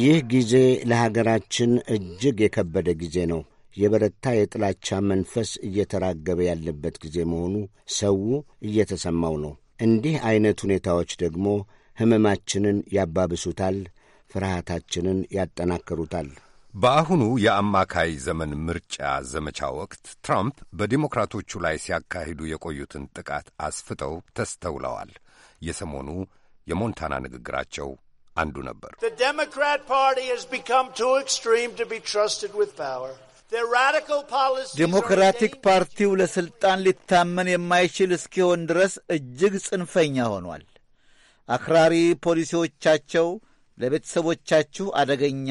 ይህ ጊዜ ለሀገራችን እጅግ የከበደ ጊዜ ነው። የበረታ የጥላቻ መንፈስ እየተራገበ ያለበት ጊዜ መሆኑ ሰው እየተሰማው ነው። እንዲህ ዐይነት ሁኔታዎች ደግሞ ሕመማችንን ያባብሱታል፣ ፍርሃታችንን ያጠናክሩታል። በአሁኑ የአማካይ ዘመን ምርጫ ዘመቻ ወቅት ትራምፕ በዲሞክራቶቹ ላይ ሲያካሂዱ የቆዩትን ጥቃት አስፍተው ተስተውለዋል። የሰሞኑ የሞንታና ንግግራቸው አንዱ ነበር። ዴሞክራቲክ ፓርቲው ለሥልጣን ሊታመን የማይችል እስኪሆን ድረስ እጅግ ጽንፈኛ ሆኗል። አክራሪ ፖሊሲዎቻቸው ለቤተሰቦቻችሁ አደገኛ፣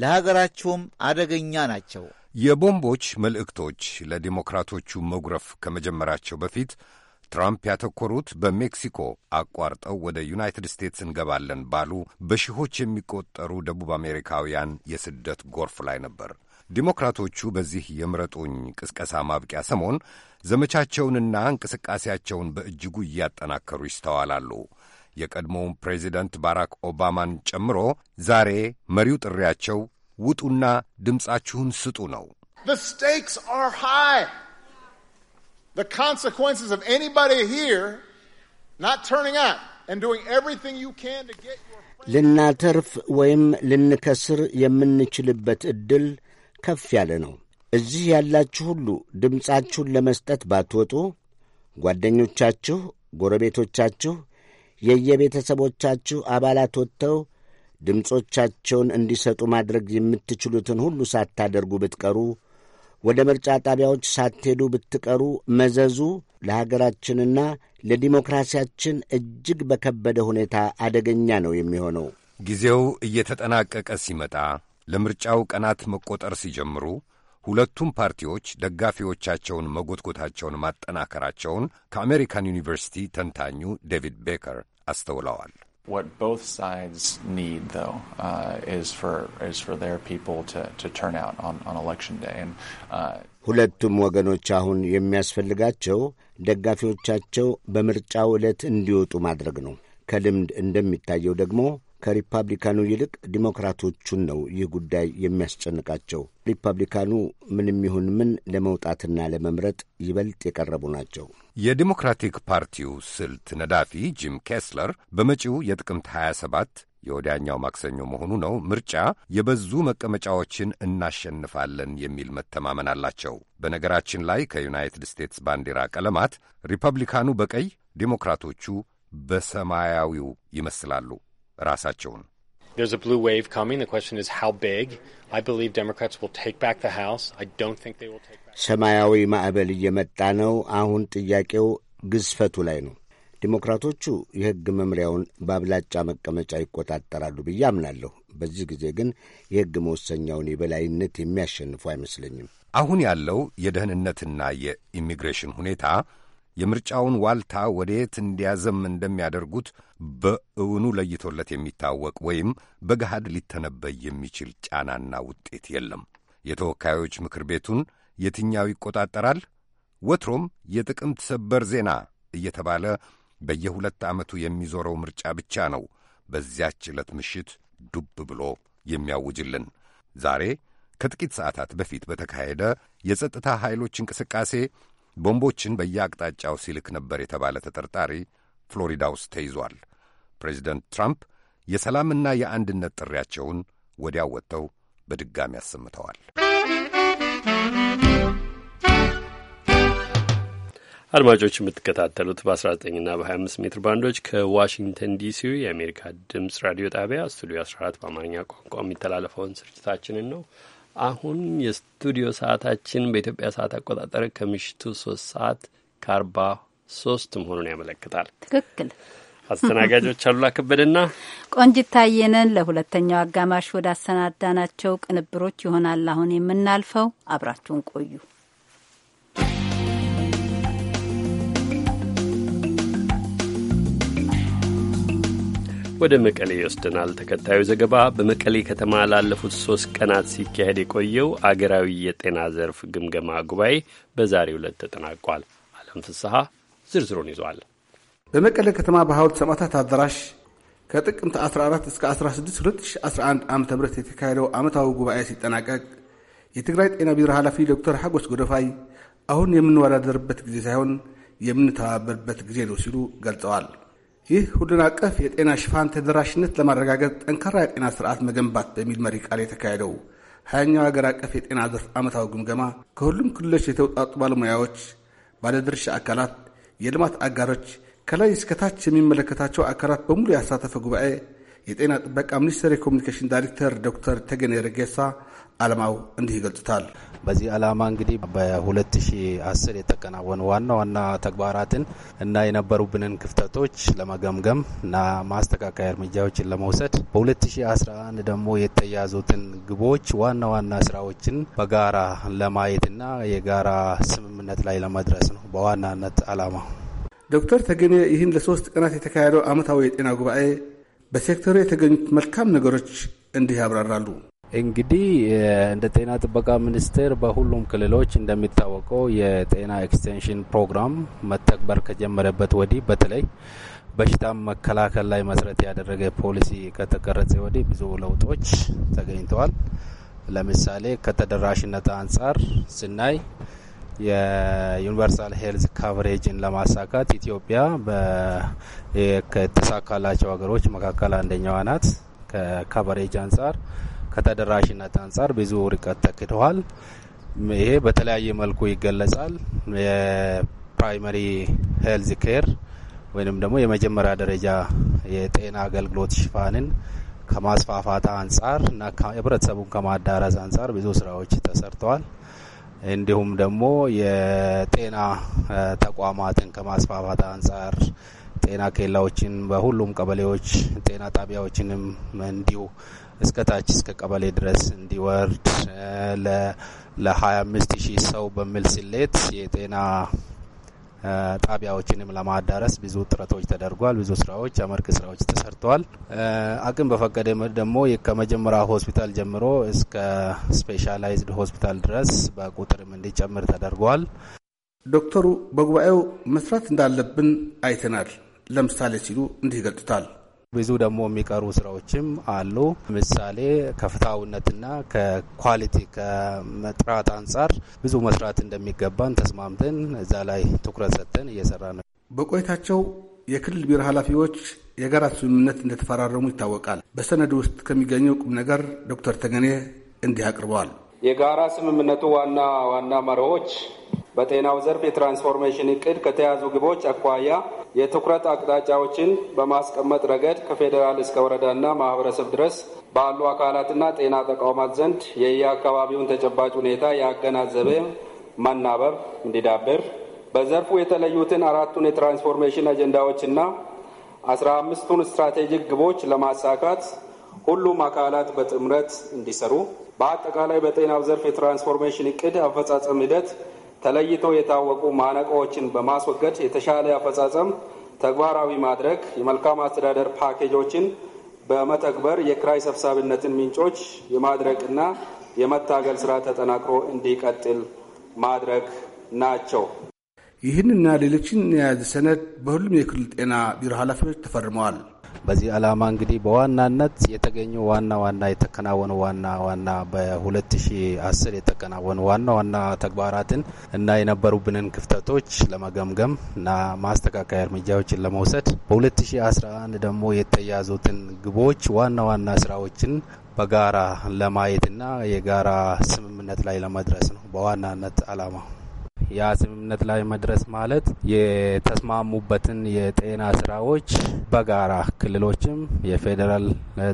ለሀገራችሁም አደገኛ ናቸው። የቦምቦች መልእክቶች ለዲሞክራቶቹ መጉረፍ ከመጀመራቸው በፊት ትራምፕ ያተኮሩት በሜክሲኮ አቋርጠው ወደ ዩናይትድ ስቴትስ እንገባለን ባሉ በሺዎች የሚቆጠሩ ደቡብ አሜሪካውያን የስደት ጎርፍ ላይ ነበር። ዲሞክራቶቹ በዚህ የምረጡኝ ቅስቀሳ ማብቂያ ሰሞን ዘመቻቸውንና እንቅስቃሴያቸውን በእጅጉ እያጠናከሩ ይስተዋላሉ። የቀድሞውን ፕሬዚደንት ባራክ ኦባማን ጨምሮ ዛሬ መሪው ጥሪያቸው ውጡና ድምፃችሁን ስጡ ነው። ልናተርፍ ወይም ልንከስር የምንችልበት ዕድል ከፍ ያለ ነው። እዚህ ያላችሁ ሁሉ ድምፃችሁን ለመስጠት ባትወጡ፣ ጓደኞቻችሁ፣ ጎረቤቶቻችሁ የየቤተሰቦቻችሁ አባላት ወጥተው ድምፆቻቸውን እንዲሰጡ ማድረግ የምትችሉትን ሁሉ ሳታደርጉ ብትቀሩ፣ ወደ ምርጫ ጣቢያዎች ሳትሄዱ ብትቀሩ መዘዙ ለሀገራችንና ለዲሞክራሲያችን እጅግ በከበደ ሁኔታ አደገኛ ነው የሚሆነው። ጊዜው እየተጠናቀቀ ሲመጣ ለምርጫው ቀናት መቆጠር ሲጀምሩ ሁለቱም ፓርቲዎች ደጋፊዎቻቸውን መጎትጎታቸውን ማጠናከራቸውን ከአሜሪካን ዩኒቨርሲቲ ተንታኙ ዴቪድ ቤከር አስተውለዋል። ሁለቱም ወገኖች አሁን የሚያስፈልጋቸው ደጋፊዎቻቸው በምርጫው ዕለት እንዲወጡ ማድረግ ነው። ከልምድ እንደሚታየው ደግሞ ከሪፐብሊካኑ ይልቅ ዲሞክራቶቹን ነው ይህ ጉዳይ የሚያስጨንቃቸው። ሪፐብሊካኑ ምንም ይሁን ምን ለመውጣትና ለመምረጥ ይበልጥ የቀረቡ ናቸው። የዲሞክራቲክ ፓርቲው ስልት ነዳፊ ጂም ኬስለር በመጪው የጥቅምት 27 የወዲያኛው ማክሰኞ መሆኑ ነው ምርጫ የበዙ መቀመጫዎችን እናሸንፋለን የሚል መተማመን አላቸው። በነገራችን ላይ ከዩናይትድ ስቴትስ ባንዲራ ቀለማት ሪፐብሊካኑ በቀይ ዲሞክራቶቹ በሰማያዊው ይመስላሉ ራሳቸውን። ሰማያዊ ማዕበል እየመጣ ነው። አሁን ጥያቄው ግዝፈቱ ላይ ነው። ዲሞክራቶቹ የሕግ መምሪያውን በአብላጫ መቀመጫ ይቆጣጠራሉ ብዬ አምናለሁ። በዚህ ጊዜ ግን የሕግ መወሰኛውን የበላይነት የሚያሸንፉ አይመስለኝም። አሁን ያለው የደህንነትና የኢሚግሬሽን ሁኔታ የምርጫውን ዋልታ ወደየት እንዲያዘም እንደሚያደርጉት በእውኑ ለይቶለት የሚታወቅ ወይም በገሃድ ሊተነበይ የሚችል ጫናና ውጤት የለም። የተወካዮች ምክር ቤቱን የትኛው ይቆጣጠራል? ወትሮም የጥቅምት ሰበር ዜና እየተባለ በየሁለት ዓመቱ የሚዞረው ምርጫ ብቻ ነው በዚያች ዕለት ምሽት ዱብ ብሎ የሚያውጅልን። ዛሬ ከጥቂት ሰዓታት በፊት በተካሄደ የጸጥታ ኃይሎች እንቅስቃሴ ቦምቦችን በየአቅጣጫው ሲልክ ነበር የተባለ ተጠርጣሪ ፍሎሪዳ ውስጥ ተይዟል። ፕሬዚደንት ትራምፕ የሰላምና የአንድነት ጥሪያቸውን ወዲያው ወጥተው በድጋሚ አሰምተዋል። አድማጮች የምትከታተሉት በ19ና በ25 ሜትር ባንዶች ከዋሽንግተን ዲሲው የአሜሪካ ድምፅ ራዲዮ ጣቢያ ስቱዲዮ 14 በአማርኛ ቋንቋ የሚተላለፈውን ስርጭታችንን ነው። አሁን የስቱዲዮ ሰዓታችን በኢትዮጵያ ሰዓት አቆጣጠር ከምሽቱ 3 ሰዓት ከ43 መሆኑን ያመለክታል። ትክክል። አስተናጋጆች አሉላ ከበደና ቆንጅት ታየነን ለሁለተኛው አጋማሽ ወደ አሰናዳናቸው ቅንብሮች ይሆናል አሁን የምናልፈው። አብራችሁን ቆዩ። ወደ መቀሌ ይወስደናል። ተከታዩ ዘገባ በመቀሌ ከተማ ላለፉት ሶስት ቀናት ሲካሄድ የቆየው አገራዊ የጤና ዘርፍ ግምገማ ጉባኤ በዛሬው ዕለት ተጠናቋል። አለም ፍስሐ ዝርዝሩን ይዟል። በመቀሌ ከተማ በሐውልት ሰማዕታት አዳራሽ ከጥቅምት 14 እስከ 16 2011 ዓ ም የተካሄደው ዓመታዊ ጉባኤ ሲጠናቀቅ የትግራይ ጤና ቢሮ ኃላፊ ዶክተር ሓጎስ ጎደፋይ አሁን የምንወዳደርበት ጊዜ ሳይሆን የምንተባበርበት ጊዜ ነው ሲሉ ገልጸዋል። ይህ ሁሉን አቀፍ የጤና ሽፋን ተደራሽነት ለማረጋገጥ ጠንካራ የጤና ስርዓት መገንባት በሚል መሪ ቃል የተካሄደው ሀያኛው ሀገር አቀፍ የጤና ዘርፍ ዓመታዊ ግምገማ ከሁሉም ክልሎች የተውጣጡ ባለሙያዎች፣ ባለድርሻ አካላት፣ የልማት አጋሮች ከላይ እስከታች የሚመለከታቸው አካላት በሙሉ ያሳተፈ ጉባኤ የጤና ጥበቃ ሚኒስቴር የኮሚኒኬሽን ዳይሬክተር ዶክተር ተገኔ ረጌሳ አለማው እንዲህ ይገልጹታል። በዚህ አላማ እንግዲህ በ2010 የተከናወኑ ዋና ዋና ተግባራትን እና የነበሩብንን ክፍተቶች ለመገምገም እና ማስተካከያ እርምጃዎችን ለመውሰድ በ2011 ደግሞ የተያዙትን ግቦች ዋና ዋና ስራዎችን በጋራ ለማየትና የጋራ ስምምነት ላይ ለመድረስ ነው በዋናነት ዓላማ። ዶክተር ተገኔ ይህን ለሶስት ቀናት የተካሄደው ዓመታዊ የጤና ጉባኤ በሴክተሩ የተገኙት መልካም ነገሮች እንዲህ ያብራራሉ። እንግዲህ እንደ ጤና ጥበቃ ሚኒስቴር በሁሉም ክልሎች እንደሚታወቀው የጤና ኤክስቴንሽን ፕሮግራም መተግበር ከጀመረበት ወዲህ በተለይ በሽታም መከላከል ላይ መሰረት ያደረገ ፖሊሲ ከተቀረጸ ወዲህ ብዙ ለውጦች ተገኝተዋል። ለምሳሌ ከተደራሽነት አንጻር ስናይ የዩኒቨርሳል ሄልዝ ካቨሬጅን ለማሳካት ኢትዮጵያ ከተሳካላቸው ሀገሮች መካከል አንደኛዋ ናት። ከካቨሬጅ አንጻር ከተደራሽነት አንጻር ብዙ ርቀት ተክተዋል። ይሄ በተለያየ መልኩ ይገለጻል። የፕራይመሪ ሄልዝ ኬር ወይም ደግሞ የመጀመሪያ ደረጃ የጤና አገልግሎት ሽፋንን ከማስፋፋት አንጻር እና ህብረተሰቡን ከማዳረስ አንጻር ብዙ ስራዎች ተሰርተዋል። እንዲሁም ደግሞ የጤና ተቋማትን ከማስፋፋት አንጻር ጤና ኬላዎችን በሁሉም ቀበሌዎች ጤና ጣቢያዎችንም እንዲሁ እስከ ታች እስከ ቀበሌ ድረስ እንዲወርድ ለ25 ሺህ ሰው በሚል ስሌት የጤና ጣቢያዎችንም ለማዳረስ ብዙ ጥረቶች ተደርጓል። ብዙ ስራዎች አመርቂ ስራዎች ተሰርተዋል። አቅም በፈቀደ ደግሞ ከመጀመሪያ ሆስፒታል ጀምሮ እስከ ስፔሻላይዝድ ሆስፒታል ድረስ በቁጥርም እንዲጨምር ተደርጓል። ዶክተሩ በጉባኤው መስራት እንዳለብን አይተናል። ለምሳሌ ሲሉ እንዲህ ይገልጹታል። ብዙ ደግሞ የሚቀሩ ስራዎችም አሉ። ምሳሌ ከፍትሐዊነትና ከኳሊቲ ከመጥራት አንጻር ብዙ መስራት እንደሚገባን ተስማምተን እዛ ላይ ትኩረት ሰጥተን እየሰራ ነው። በቆይታቸው የክልል ቢሮ ኃላፊዎች የጋራ ስምምነት እንደተፈራረሙ ይታወቃል። በሰነድ ውስጥ ከሚገኘው ቁም ነገር ዶክተር ተገኔ እንዲህ አቅርበዋል። የጋራ ስምምነቱ ዋና ዋና መርሆች በጤናው ዘርፍ የትራንስፎርሜሽን እቅድ ከተያዙ ግቦች አኳያ የትኩረት አቅጣጫዎችን በማስቀመጥ ረገድ ከፌዴራል እስከ ወረዳና ማህበረሰብ ድረስ ባሉ አካላትና ጤና ተቋማት ዘንድ የየአካባቢውን ተጨባጭ ሁኔታ ያገናዘበ መናበብ እንዲዳብር በዘርፉ የተለዩትን አራቱን የትራንስፎርሜሽን አጀንዳዎችና አስራ አምስቱን ስትራቴጂክ ግቦች ለማሳካት ሁሉም አካላት በጥምረት እንዲሰሩ፣ በአጠቃላይ በጤናው ዘርፍ የትራንስፎርሜሽን እቅድ አፈጻጸም ሂደት ተለይተው የታወቁ ማነቆዎችን በማስወገድ የተሻለ አፈጻጸም ተግባራዊ ማድረግ፣ የመልካም አስተዳደር ፓኬጆችን በመተግበር የክራይ ሰብሳቢነትን ምንጮች የማድረቅና የመታገል ስራ ተጠናክሮ እንዲቀጥል ማድረግ ናቸው። ይህንና ሌሎችን የያዘ ሰነድ በሁሉም የክልል ጤና ቢሮ ኃላፊዎች ተፈርመዋል። በዚህ አላማ እንግዲህ በዋናነት የተገኙ ዋና ዋና የተከናወኑ ዋና ዋና በ2010 የተከናወኑ ዋና ዋና ተግባራትን እና የነበሩብንን ክፍተቶች ለመገምገም እና ማስተካከያ እርምጃዎችን ለመውሰድ በ2011 ደግሞ የተያዙትን ግቦች ዋና ዋና ስራዎችን በጋራ ለማየትና የጋራ ስምምነት ላይ ለመድረስ ነው በዋናነት አላማው። ያ ስምምነት ላይ መድረስ ማለት የተስማሙበትን የጤና ስራዎች በጋራ ክልሎችም የፌዴራል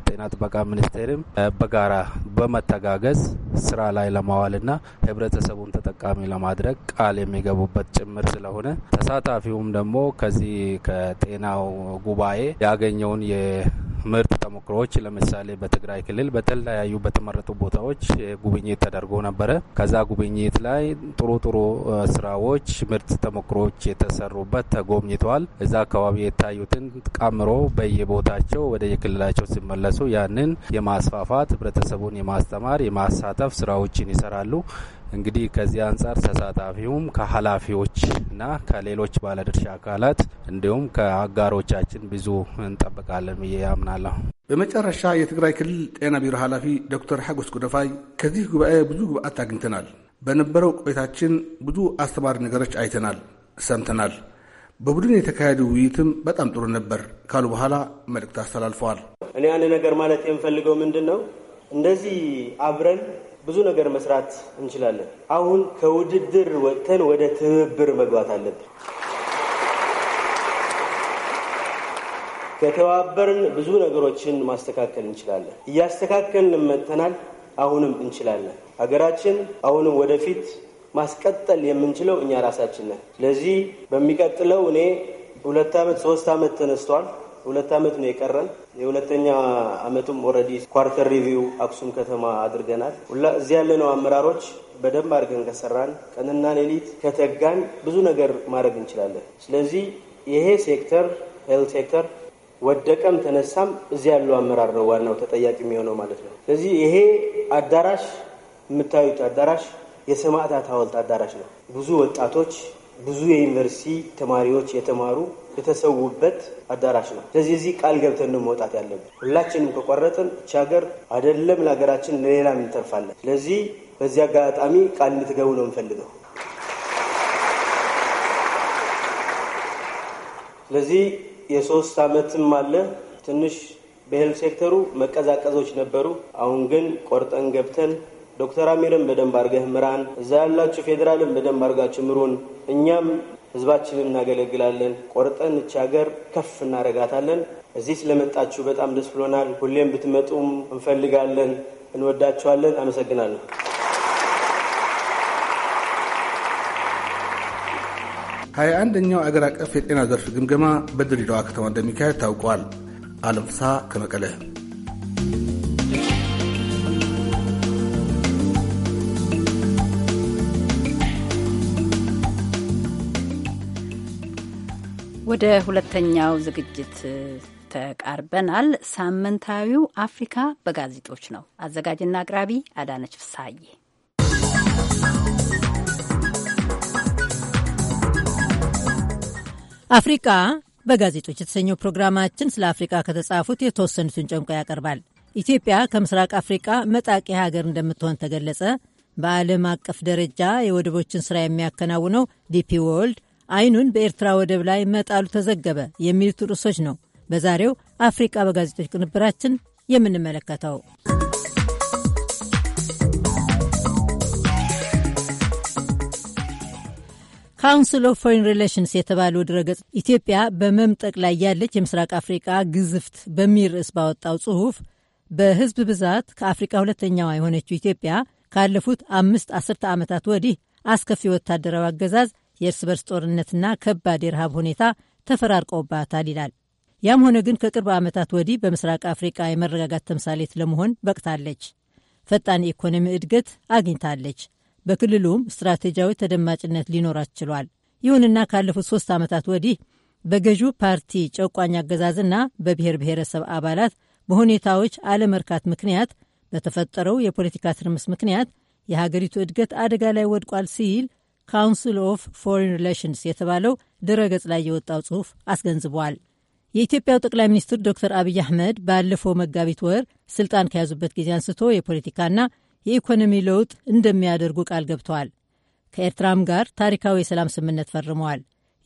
ጤና ጥበቃ ሚኒስቴርም በጋራ በመተጋገዝ ስራ ላይ ለማዋልና ህብረተሰቡን ተጠቃሚ ለማድረግ ቃል የሚገቡበት ጭምር ስለሆነ ተሳታፊውም ደግሞ ከዚህ ከጤናው ጉባኤ ያገኘውን ምርጥ ተሞክሮዎች ለምሳሌ በትግራይ ክልል በተለያዩ በተመረጡ ቦታዎች ጉብኝት ተደርጎ ነበረ። ከዛ ጉብኝት ላይ ጥሩ ጥሩ ስራዎች፣ ምርት ተሞክሮዎች የተሰሩበት ተጎብኝተዋል። እዛ አካባቢ የታዩትን ቀምሮ በየቦታቸው ወደ የክልላቸው ሲመለሱ ያንን የማስፋፋት ህብረተሰቡን የማስተማር የማሳተፍ ስራዎችን ይሰራሉ። እንግዲህ ከዚህ አንጻር ተሳታፊውም ከኃላፊዎች እና ከሌሎች ባለድርሻ አካላት እንዲሁም ከአጋሮቻችን ብዙ እንጠብቃለን ብዬ ያምናለሁ። በመጨረሻ የትግራይ ክልል ጤና ቢሮ ኃላፊ ዶክተር ሐጎስ ጉደፋይ ከዚህ ጉባኤ ብዙ ግብአት አግኝተናል በነበረው ቆይታችን ብዙ አስተማሪ ነገሮች አይተናል፣ ሰምተናል። በቡድን የተካሄደ ውይይትም በጣም ጥሩ ነበር ካሉ በኋላ መልእክት አስተላልፈዋል። እኔ አንድ ነገር ማለት የምፈልገው ምንድን ነው፣ እንደዚህ አብረን ብዙ ነገር መስራት እንችላለን። አሁን ከውድድር ወጥተን ወደ ትብብር መግባት አለብን። ከተባበርን ብዙ ነገሮችን ማስተካከል እንችላለን። እያስተካከልን መጥተናል። አሁንም እንችላለን። ሀገራችን አሁንም ወደፊት ማስቀጠል የምንችለው እኛ ራሳችን ነን። ስለዚህ በሚቀጥለው እኔ ሁለት ዓመት ሶስት ዓመት ተነስቷል። ሁለት ዓመት ነው የቀረን። የሁለተኛ ዓመቱም ኦልሬዲ ኳርተር ሪቪው አክሱም ከተማ አድርገናል። ሁላ እዚ ያለነው አመራሮች በደንብ አድርገን ከሰራን፣ ቀንና ሌሊት ከተጋን ብዙ ነገር ማድረግ እንችላለን። ስለዚህ ይሄ ሴክተር ሄልት ሴክተር ወደቀም ተነሳም እዚህ ያለው አመራር ነው ዋናው ተጠያቂ የሚሆነው ማለት ነው። ስለዚህ ይሄ አዳራሽ የምታዩት አዳራሽ የሰማዕታት ሐውልት አዳራሽ ነው። ብዙ ወጣቶች ብዙ የዩኒቨርሲቲ ተማሪዎች የተማሩ የተሰዉበት አዳራሽ ነው። ስለዚህ እዚህ ቃል ገብተን ነው መውጣት ያለብን። ሁላችንም ከቆረጥን እች ሀገር አይደለም ለሀገራችን ለሌላም እንተርፋለን። ስለዚህ በዚህ አጋጣሚ ቃል እንድትገቡ ነው የምፈልገው። ስለዚህ የሶስት ዓመትም አለ ትንሽ በሄልፍ ሴክተሩ መቀዛቀዞች ነበሩ። አሁን ግን ቆርጠን ገብተን ዶክተር አሚርም በደንብ አርገህ ምራን፣ እዛ ያላችሁ ፌዴራልን በደንብ አርጋችሁ ምሩን። እኛም ህዝባችንን እናገለግላለን። ቆርጠን እቺ ሀገር ከፍ እናረጋታለን። እዚህ ስለመጣችሁ በጣም ደስ ብሎናል። ሁሌም ብትመጡም እንፈልጋለን። እንወዳችኋለን። አመሰግናለሁ። ሀያ አንደኛው አገር አቀፍ የጤና ዘርፍ ግምገማ በድሬዳዋ ከተማ እንደሚካሄድ ታውቋል። አለም ፍስሐ ከመቀለ ወደ ሁለተኛው ዝግጅት ተቃርበናል። ሳምንታዊው አፍሪካ በጋዜጦች ነው። አዘጋጅና አቅራቢ አዳነች ፍሳዬ። አፍሪቃ በጋዜጦች የተሰኘው ፕሮግራማችን ስለ አፍሪቃ ከተጻፉት የተወሰኑትን ጨምቆ ያቀርባል። ኢትዮጵያ ከምስራቅ አፍሪቃ መጣቂ ሀገር እንደምትሆን ተገለጸ። በዓለም አቀፍ ደረጃ የወደቦችን ስራ የሚያከናውነው ዲፒ ወርልድ አይኑን በኤርትራ ወደብ ላይ መጣሉ ተዘገበ የሚሉት ርዕሶች ነው በዛሬው አፍሪቃ በጋዜጦች ቅንብራችን የምንመለከተው። ካውንስል ኦፍ ፎሪን ሪሌሽንስ የተባለው ድረገጽ ኢትዮጵያ በመምጠቅ ላይ ያለች የምስራቅ አፍሪቃ ግዝፍት በሚል ርዕስ ባወጣው ጽሑፍ በህዝብ ብዛት ከአፍሪቃ ሁለተኛዋ የሆነችው ኢትዮጵያ ካለፉት አምስት አስርተ ዓመታት ወዲህ አስከፊ ወታደራዊ አገዛዝ የእርስ በርስ ጦርነትና ከባድ የረሃብ ሁኔታ ተፈራርቀውባታል ይላል። ያም ሆነ ግን ከቅርብ ዓመታት ወዲህ በምስራቅ አፍሪቃ የመረጋጋት ተምሳሌት ለመሆን በቅታለች። ፈጣን የኢኮኖሚ እድገት አግኝታለች። በክልሉም ስትራቴጂያዊ ተደማጭነት ሊኖራት ችሏል። ይሁንና ካለፉት ሶስት ዓመታት ወዲህ በገዢው ፓርቲ ጨቋኝ አገዛዝና በብሔር ብሔረሰብ አባላት በሁኔታዎች አለመርካት ምክንያት በተፈጠረው የፖለቲካ ትርምስ ምክንያት የሀገሪቱ እድገት አደጋ ላይ ወድቋል ሲል ካውንስል ኦፍ ፎሪን ሪሌሽንስ የተባለው ድረገጽ ላይ የወጣው ጽሑፍ አስገንዝቧል። የኢትዮጵያው ጠቅላይ ሚኒስትር ዶክተር አብይ አህመድ ባለፈው መጋቢት ወር ስልጣን ከያዙበት ጊዜ አንስቶ የፖለቲካና የኢኮኖሚ ለውጥ እንደሚያደርጉ ቃል ገብተዋል። ከኤርትራም ጋር ታሪካዊ የሰላም ስምምነት ፈርመዋል።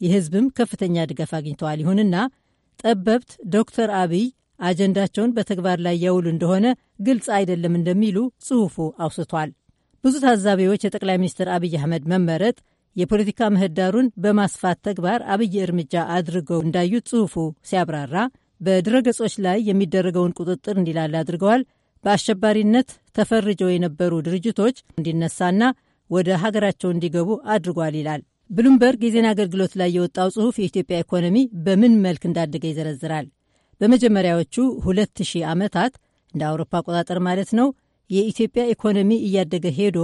የህዝብም ከፍተኛ ድጋፍ አግኝተዋል። ይሁንና ጠበብት ዶክተር አብይ አጀንዳቸውን በተግባር ላይ ያውሉ እንደሆነ ግልጽ አይደለም እንደሚሉ ጽሑፉ አውስቷል። ብዙ ታዛቢዎች የጠቅላይ ሚኒስትር አብይ አህመድ መመረጥ የፖለቲካ ምህዳሩን በማስፋት ተግባር አብይ እርምጃ አድርገው እንዳዩት ጽሑፉ ሲያብራራ በድረገጾች ላይ የሚደረገውን ቁጥጥር እንዲላል አድርገዋል። በአሸባሪነት ተፈርጀው የነበሩ ድርጅቶች እንዲነሳና ወደ ሀገራቸው እንዲገቡ አድርጓል ይላል። ብሉምበርግ የዜና አገልግሎት ላይ የወጣው ጽሑፍ የኢትዮጵያ ኢኮኖሚ በምን መልክ እንዳደገ ይዘረዝራል። በመጀመሪያዎቹ 2000 ዓመታት እንደ አውሮፓ አቆጣጠር ማለት ነው የኢትዮጵያ ኢኮኖሚ እያደገ ሄዶ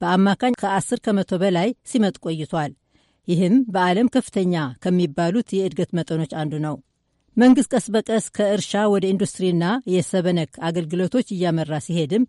በአማካኝ ከ10 ከመቶ በላይ ሲመጥ ቆይቷል። ይህም በዓለም ከፍተኛ ከሚባሉት የእድገት መጠኖች አንዱ ነው። መንግሥት ቀስ በቀስ ከእርሻ ወደ ኢንዱስትሪና የሰበነክ አገልግሎቶች እያመራ ሲሄድም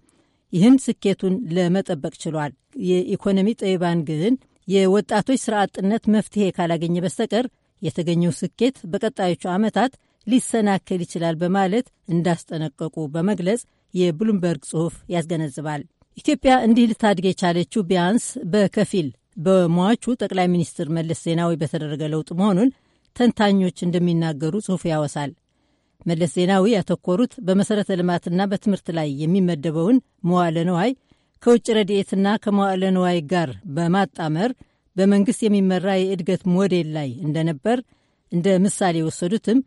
ይህን ስኬቱን ለመጠበቅ ችሏል። የኢኮኖሚ ጠይባን ግን የወጣቶች ስራ አጥነት መፍትሄ ካላገኘ በስተቀር የተገኘው ስኬት በቀጣዮቹ ዓመታት ሊሰናከል ይችላል በማለት እንዳስጠነቀቁ በመግለጽ የብሉምበርግ ጽሑፍ ያስገነዝባል። ኢትዮጵያ እንዲህ ልታድግ የቻለችው ቢያንስ በከፊል በሟቹ ጠቅላይ ሚኒስትር መለስ ዜናዊ በተደረገ ለውጥ መሆኑን ተንታኞች እንደሚናገሩ ጽሑፉ ያወሳል። መለስ ዜናዊ ያተኮሩት በመሠረተ ልማትና በትምህርት ላይ የሚመደበውን መዋለ ንዋይ ከውጭ ረድኤትና ከመዋለ ንዋይ ጋር በማጣመር በመንግሥት የሚመራ የእድገት ሞዴል ላይ እንደነበር እንደ ምሳሌ የወሰዱትም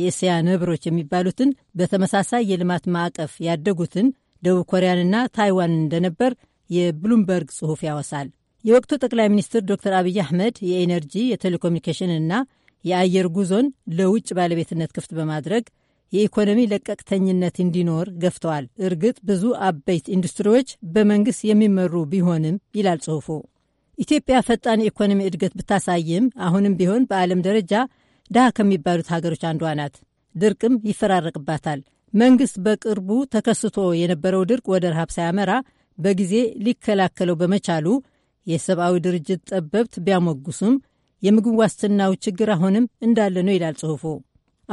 የእስያ ነብሮች የሚባሉትን በተመሳሳይ የልማት ማዕቀፍ ያደጉትን ደቡብ ኮሪያንና ታይዋንን እንደነበር የብሉምበርግ ጽሑፍ ያወሳል። የወቅቱ ጠቅላይ ሚኒስትር ዶክተር አብይ አህመድ የኤነርጂ የቴሌኮሙኒኬሽንና የአየር ጉዞን ለውጭ ባለቤትነት ክፍት በማድረግ የኢኮኖሚ ለቀቅተኝነት እንዲኖር ገፍተዋል። እርግጥ ብዙ አበይት ኢንዱስትሪዎች በመንግስት የሚመሩ ቢሆንም ይላል ጽሑፉ፣ ኢትዮጵያ ፈጣን የኢኮኖሚ እድገት ብታሳይም አሁንም ቢሆን በዓለም ደረጃ ድሃ ከሚባሉት ሀገሮች አንዷ ናት። ድርቅም ይፈራረቅባታል። መንግስት በቅርቡ ተከስቶ የነበረው ድርቅ ወደ ረሃብ ሳያመራ በጊዜ ሊከላከለው በመቻሉ የሰብአዊ ድርጅት ጠበብት ቢያሞግሱም የምግብ ዋስትናው ችግር አሁንም እንዳለ ነው ይላል ጽሑፉ።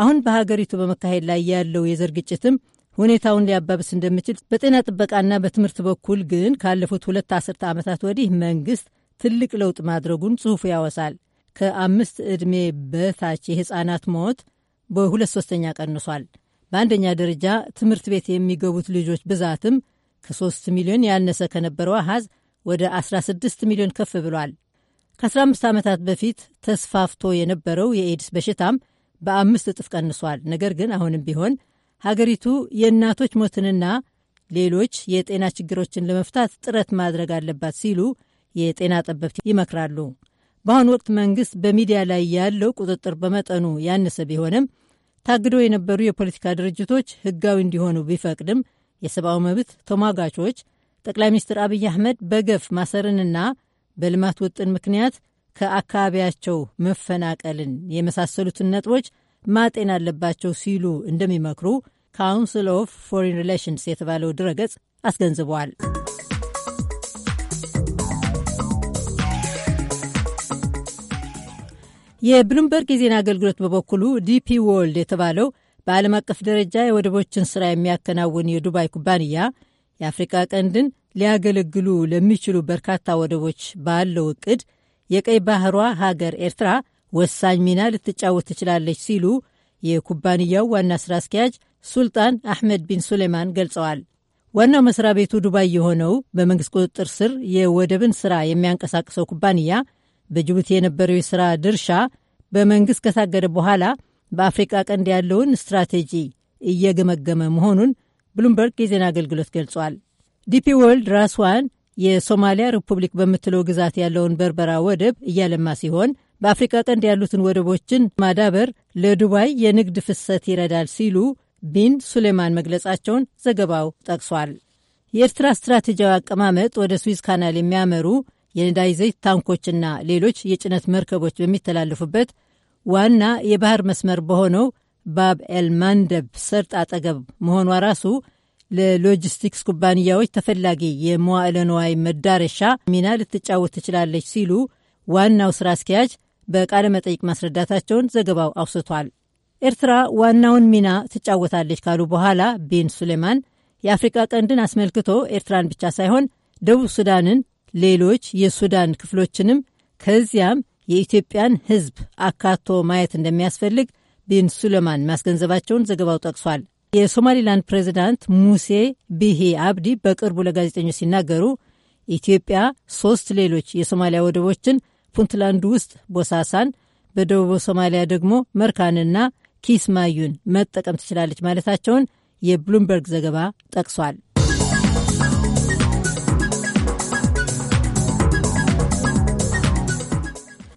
አሁን በሀገሪቱ በመካሄድ ላይ ያለው የዘር ግጭትም ሁኔታውን ሊያባብስ እንደሚችል፣ በጤና ጥበቃና በትምህርት በኩል ግን ካለፉት ሁለት አስርተ ዓመታት ወዲህ መንግስት ትልቅ ለውጥ ማድረጉን ጽሑፉ ያወሳል። ከአምስት ዕድሜ በታች የሕፃናት ሞት በሁለት ሶስተኛ ቀንሷል። በአንደኛ ደረጃ ትምህርት ቤት የሚገቡት ልጆች ብዛትም ከ3 ሚሊዮን ያነሰ ከነበረው አሃዝ ወደ 16 ሚሊዮን ከፍ ብሏል። ከ15 ዓመታት በፊት ተስፋፍቶ የነበረው የኤድስ በሽታም በአምስት እጥፍ ቀንሷል። ነገር ግን አሁንም ቢሆን ሀገሪቱ የእናቶች ሞትንና ሌሎች የጤና ችግሮችን ለመፍታት ጥረት ማድረግ አለባት ሲሉ የጤና ጠበብት ይመክራሉ። በአሁኑ ወቅት መንግስት በሚዲያ ላይ ያለው ቁጥጥር በመጠኑ ያነሰ ቢሆንም ታግደው የነበሩ የፖለቲካ ድርጅቶች ህጋዊ እንዲሆኑ ቢፈቅድም የሰብአዊ መብት ተሟጋቾች ጠቅላይ ሚኒስትር አብይ አህመድ በገፍ ማሰርንና በልማት ውጥን ምክንያት ከአካባቢያቸው መፈናቀልን የመሳሰሉትን ነጥቦች ማጤን አለባቸው ሲሉ እንደሚመክሩ ካውንስል ኦፍ ፎሪን ሪሌሽንስ የተባለው ድረገጽ አስገንዝበዋል። የብሉምበርግ የዜና አገልግሎት በበኩሉ ዲፒ ወርልድ የተባለው በዓለም አቀፍ ደረጃ የወደቦችን ስራ የሚያከናውን የዱባይ ኩባንያ የአፍሪቃ ቀንድን ሊያገለግሉ ለሚችሉ በርካታ ወደቦች ባለው እቅድ የቀይ ባህሯ ሀገር ኤርትራ ወሳኝ ሚና ልትጫወት ትችላለች ሲሉ የኩባንያው ዋና ስራ አስኪያጅ ሱልጣን አሕመድ ቢን ሱሌማን ገልጸዋል። ዋናው መስሪያ ቤቱ ዱባይ የሆነው በመንግሥት ቁጥጥር ስር የወደብን ስራ የሚያንቀሳቅሰው ኩባንያ በጅቡቲ የነበረው የሥራ ድርሻ በመንግሥት ከታገደ በኋላ በአፍሪቃ ቀንድ ያለውን ስትራቴጂ እየገመገመ መሆኑን ብሉምበርግ የዜና አገልግሎት ገልጿል። ዲፒ ወርልድ ራስዋን የሶማሊያ ሪፑብሊክ በምትለው ግዛት ያለውን በርበራ ወደብ እያለማ ሲሆን በአፍሪቃ ቀንድ ያሉትን ወደቦችን ማዳበር ለዱባይ የንግድ ፍሰት ይረዳል ሲሉ ቢን ሱሌማን መግለጻቸውን ዘገባው ጠቅሷል። የኤርትራ ስትራቴጂያዊ አቀማመጥ ወደ ስዊዝ ካናል የሚያመሩ የነዳጅ ዘይት ታንኮችና ሌሎች የጭነት መርከቦች በሚተላለፉበት ዋና የባህር መስመር በሆነው ባብ ኤል ማንደብ ሰርጥ አጠገብ መሆኗ ራሱ ለሎጂስቲክስ ኩባንያዎች ተፈላጊ የመዋዕለ ንዋይ መዳረሻ ሚና ልትጫወት ትችላለች ሲሉ ዋናው ስራ አስኪያጅ በቃለ መጠይቅ ማስረዳታቸውን ዘገባው አውስቷል። ኤርትራ ዋናውን ሚና ትጫወታለች ካሉ በኋላ ቢን ሱሌማን የአፍሪቃ ቀንድን አስመልክቶ ኤርትራን ብቻ ሳይሆን ደቡብ ሱዳንን ሌሎች የሱዳን ክፍሎችንም ከዚያም የኢትዮጵያን ሕዝብ አካቶ ማየት እንደሚያስፈልግ ቢን ሱለማን ማስገንዘባቸውን ዘገባው ጠቅሷል። የሶማሊላንድ ፕሬዚዳንት ሙሴ ቢሂ አብዲ በቅርቡ ለጋዜጠኞች ሲናገሩ ኢትዮጵያ ሶስት ሌሎች የሶማሊያ ወደቦችን ፑንትላንድ ውስጥ ቦሳሳን፣ በደቡብ ሶማሊያ ደግሞ መርካንና ኪስማዩን መጠቀም ትችላለች ማለታቸውን የብሉምበርግ ዘገባ ጠቅሷል።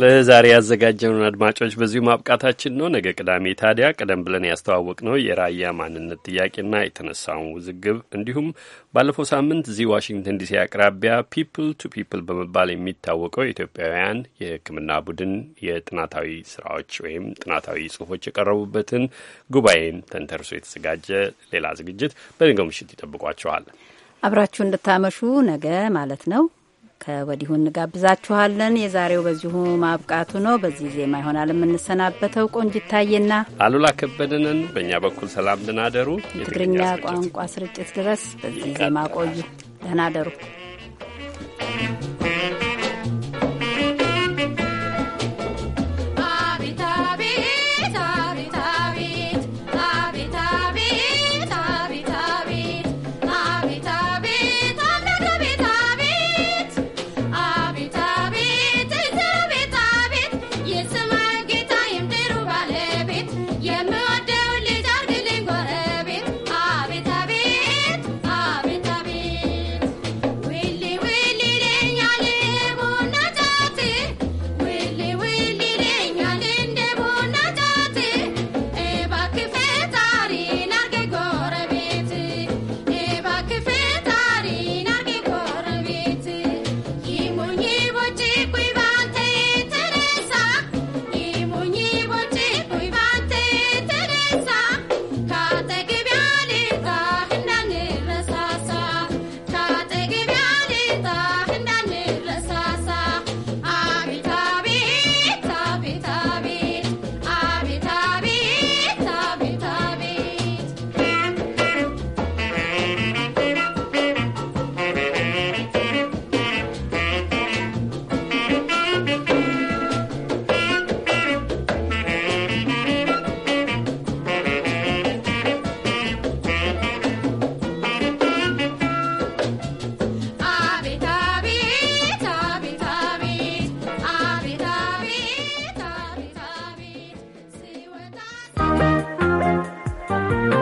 ለዛሬ ያዘጋጀውን አድማጮች በዚሁ ማብቃታችን ነው። ነገ ቅዳሜ ታዲያ ቀደም ብለን ያስተዋወቅ ነው የራያ ማንነት ጥያቄና የተነሳውን ውዝግብ እንዲሁም ባለፈው ሳምንት እዚህ ዋሽንግተን ዲሲ አቅራቢያ ፒፕል ቱ ፒፕል በመባል የሚታወቀው የኢትዮጵያውያን የሕክምና ቡድን የጥናታዊ ስራዎች ወይም ጥናታዊ ጽሁፎች የቀረቡበትን ጉባኤን ተንተርሶ የተዘጋጀ ሌላ ዝግጅት በነገው ምሽት ይጠብቋቸዋል። አብራችሁ እንድታመሹ ነገ ማለት ነው ከወዲሁ እንጋብዛችኋለን። የዛሬው በዚሁ ማብቃቱ ነው። በዚህ ዜማ ይሆናል የምንሰናበተው። ቆንጅታዬና አሉላ ከበደንን በእኛ በኩል ሰላም ልናደሩ የትግርኛ ቋንቋ ስርጭት ድረስ በዚህ ዜማ ቆዩ። ደህና ደሩ።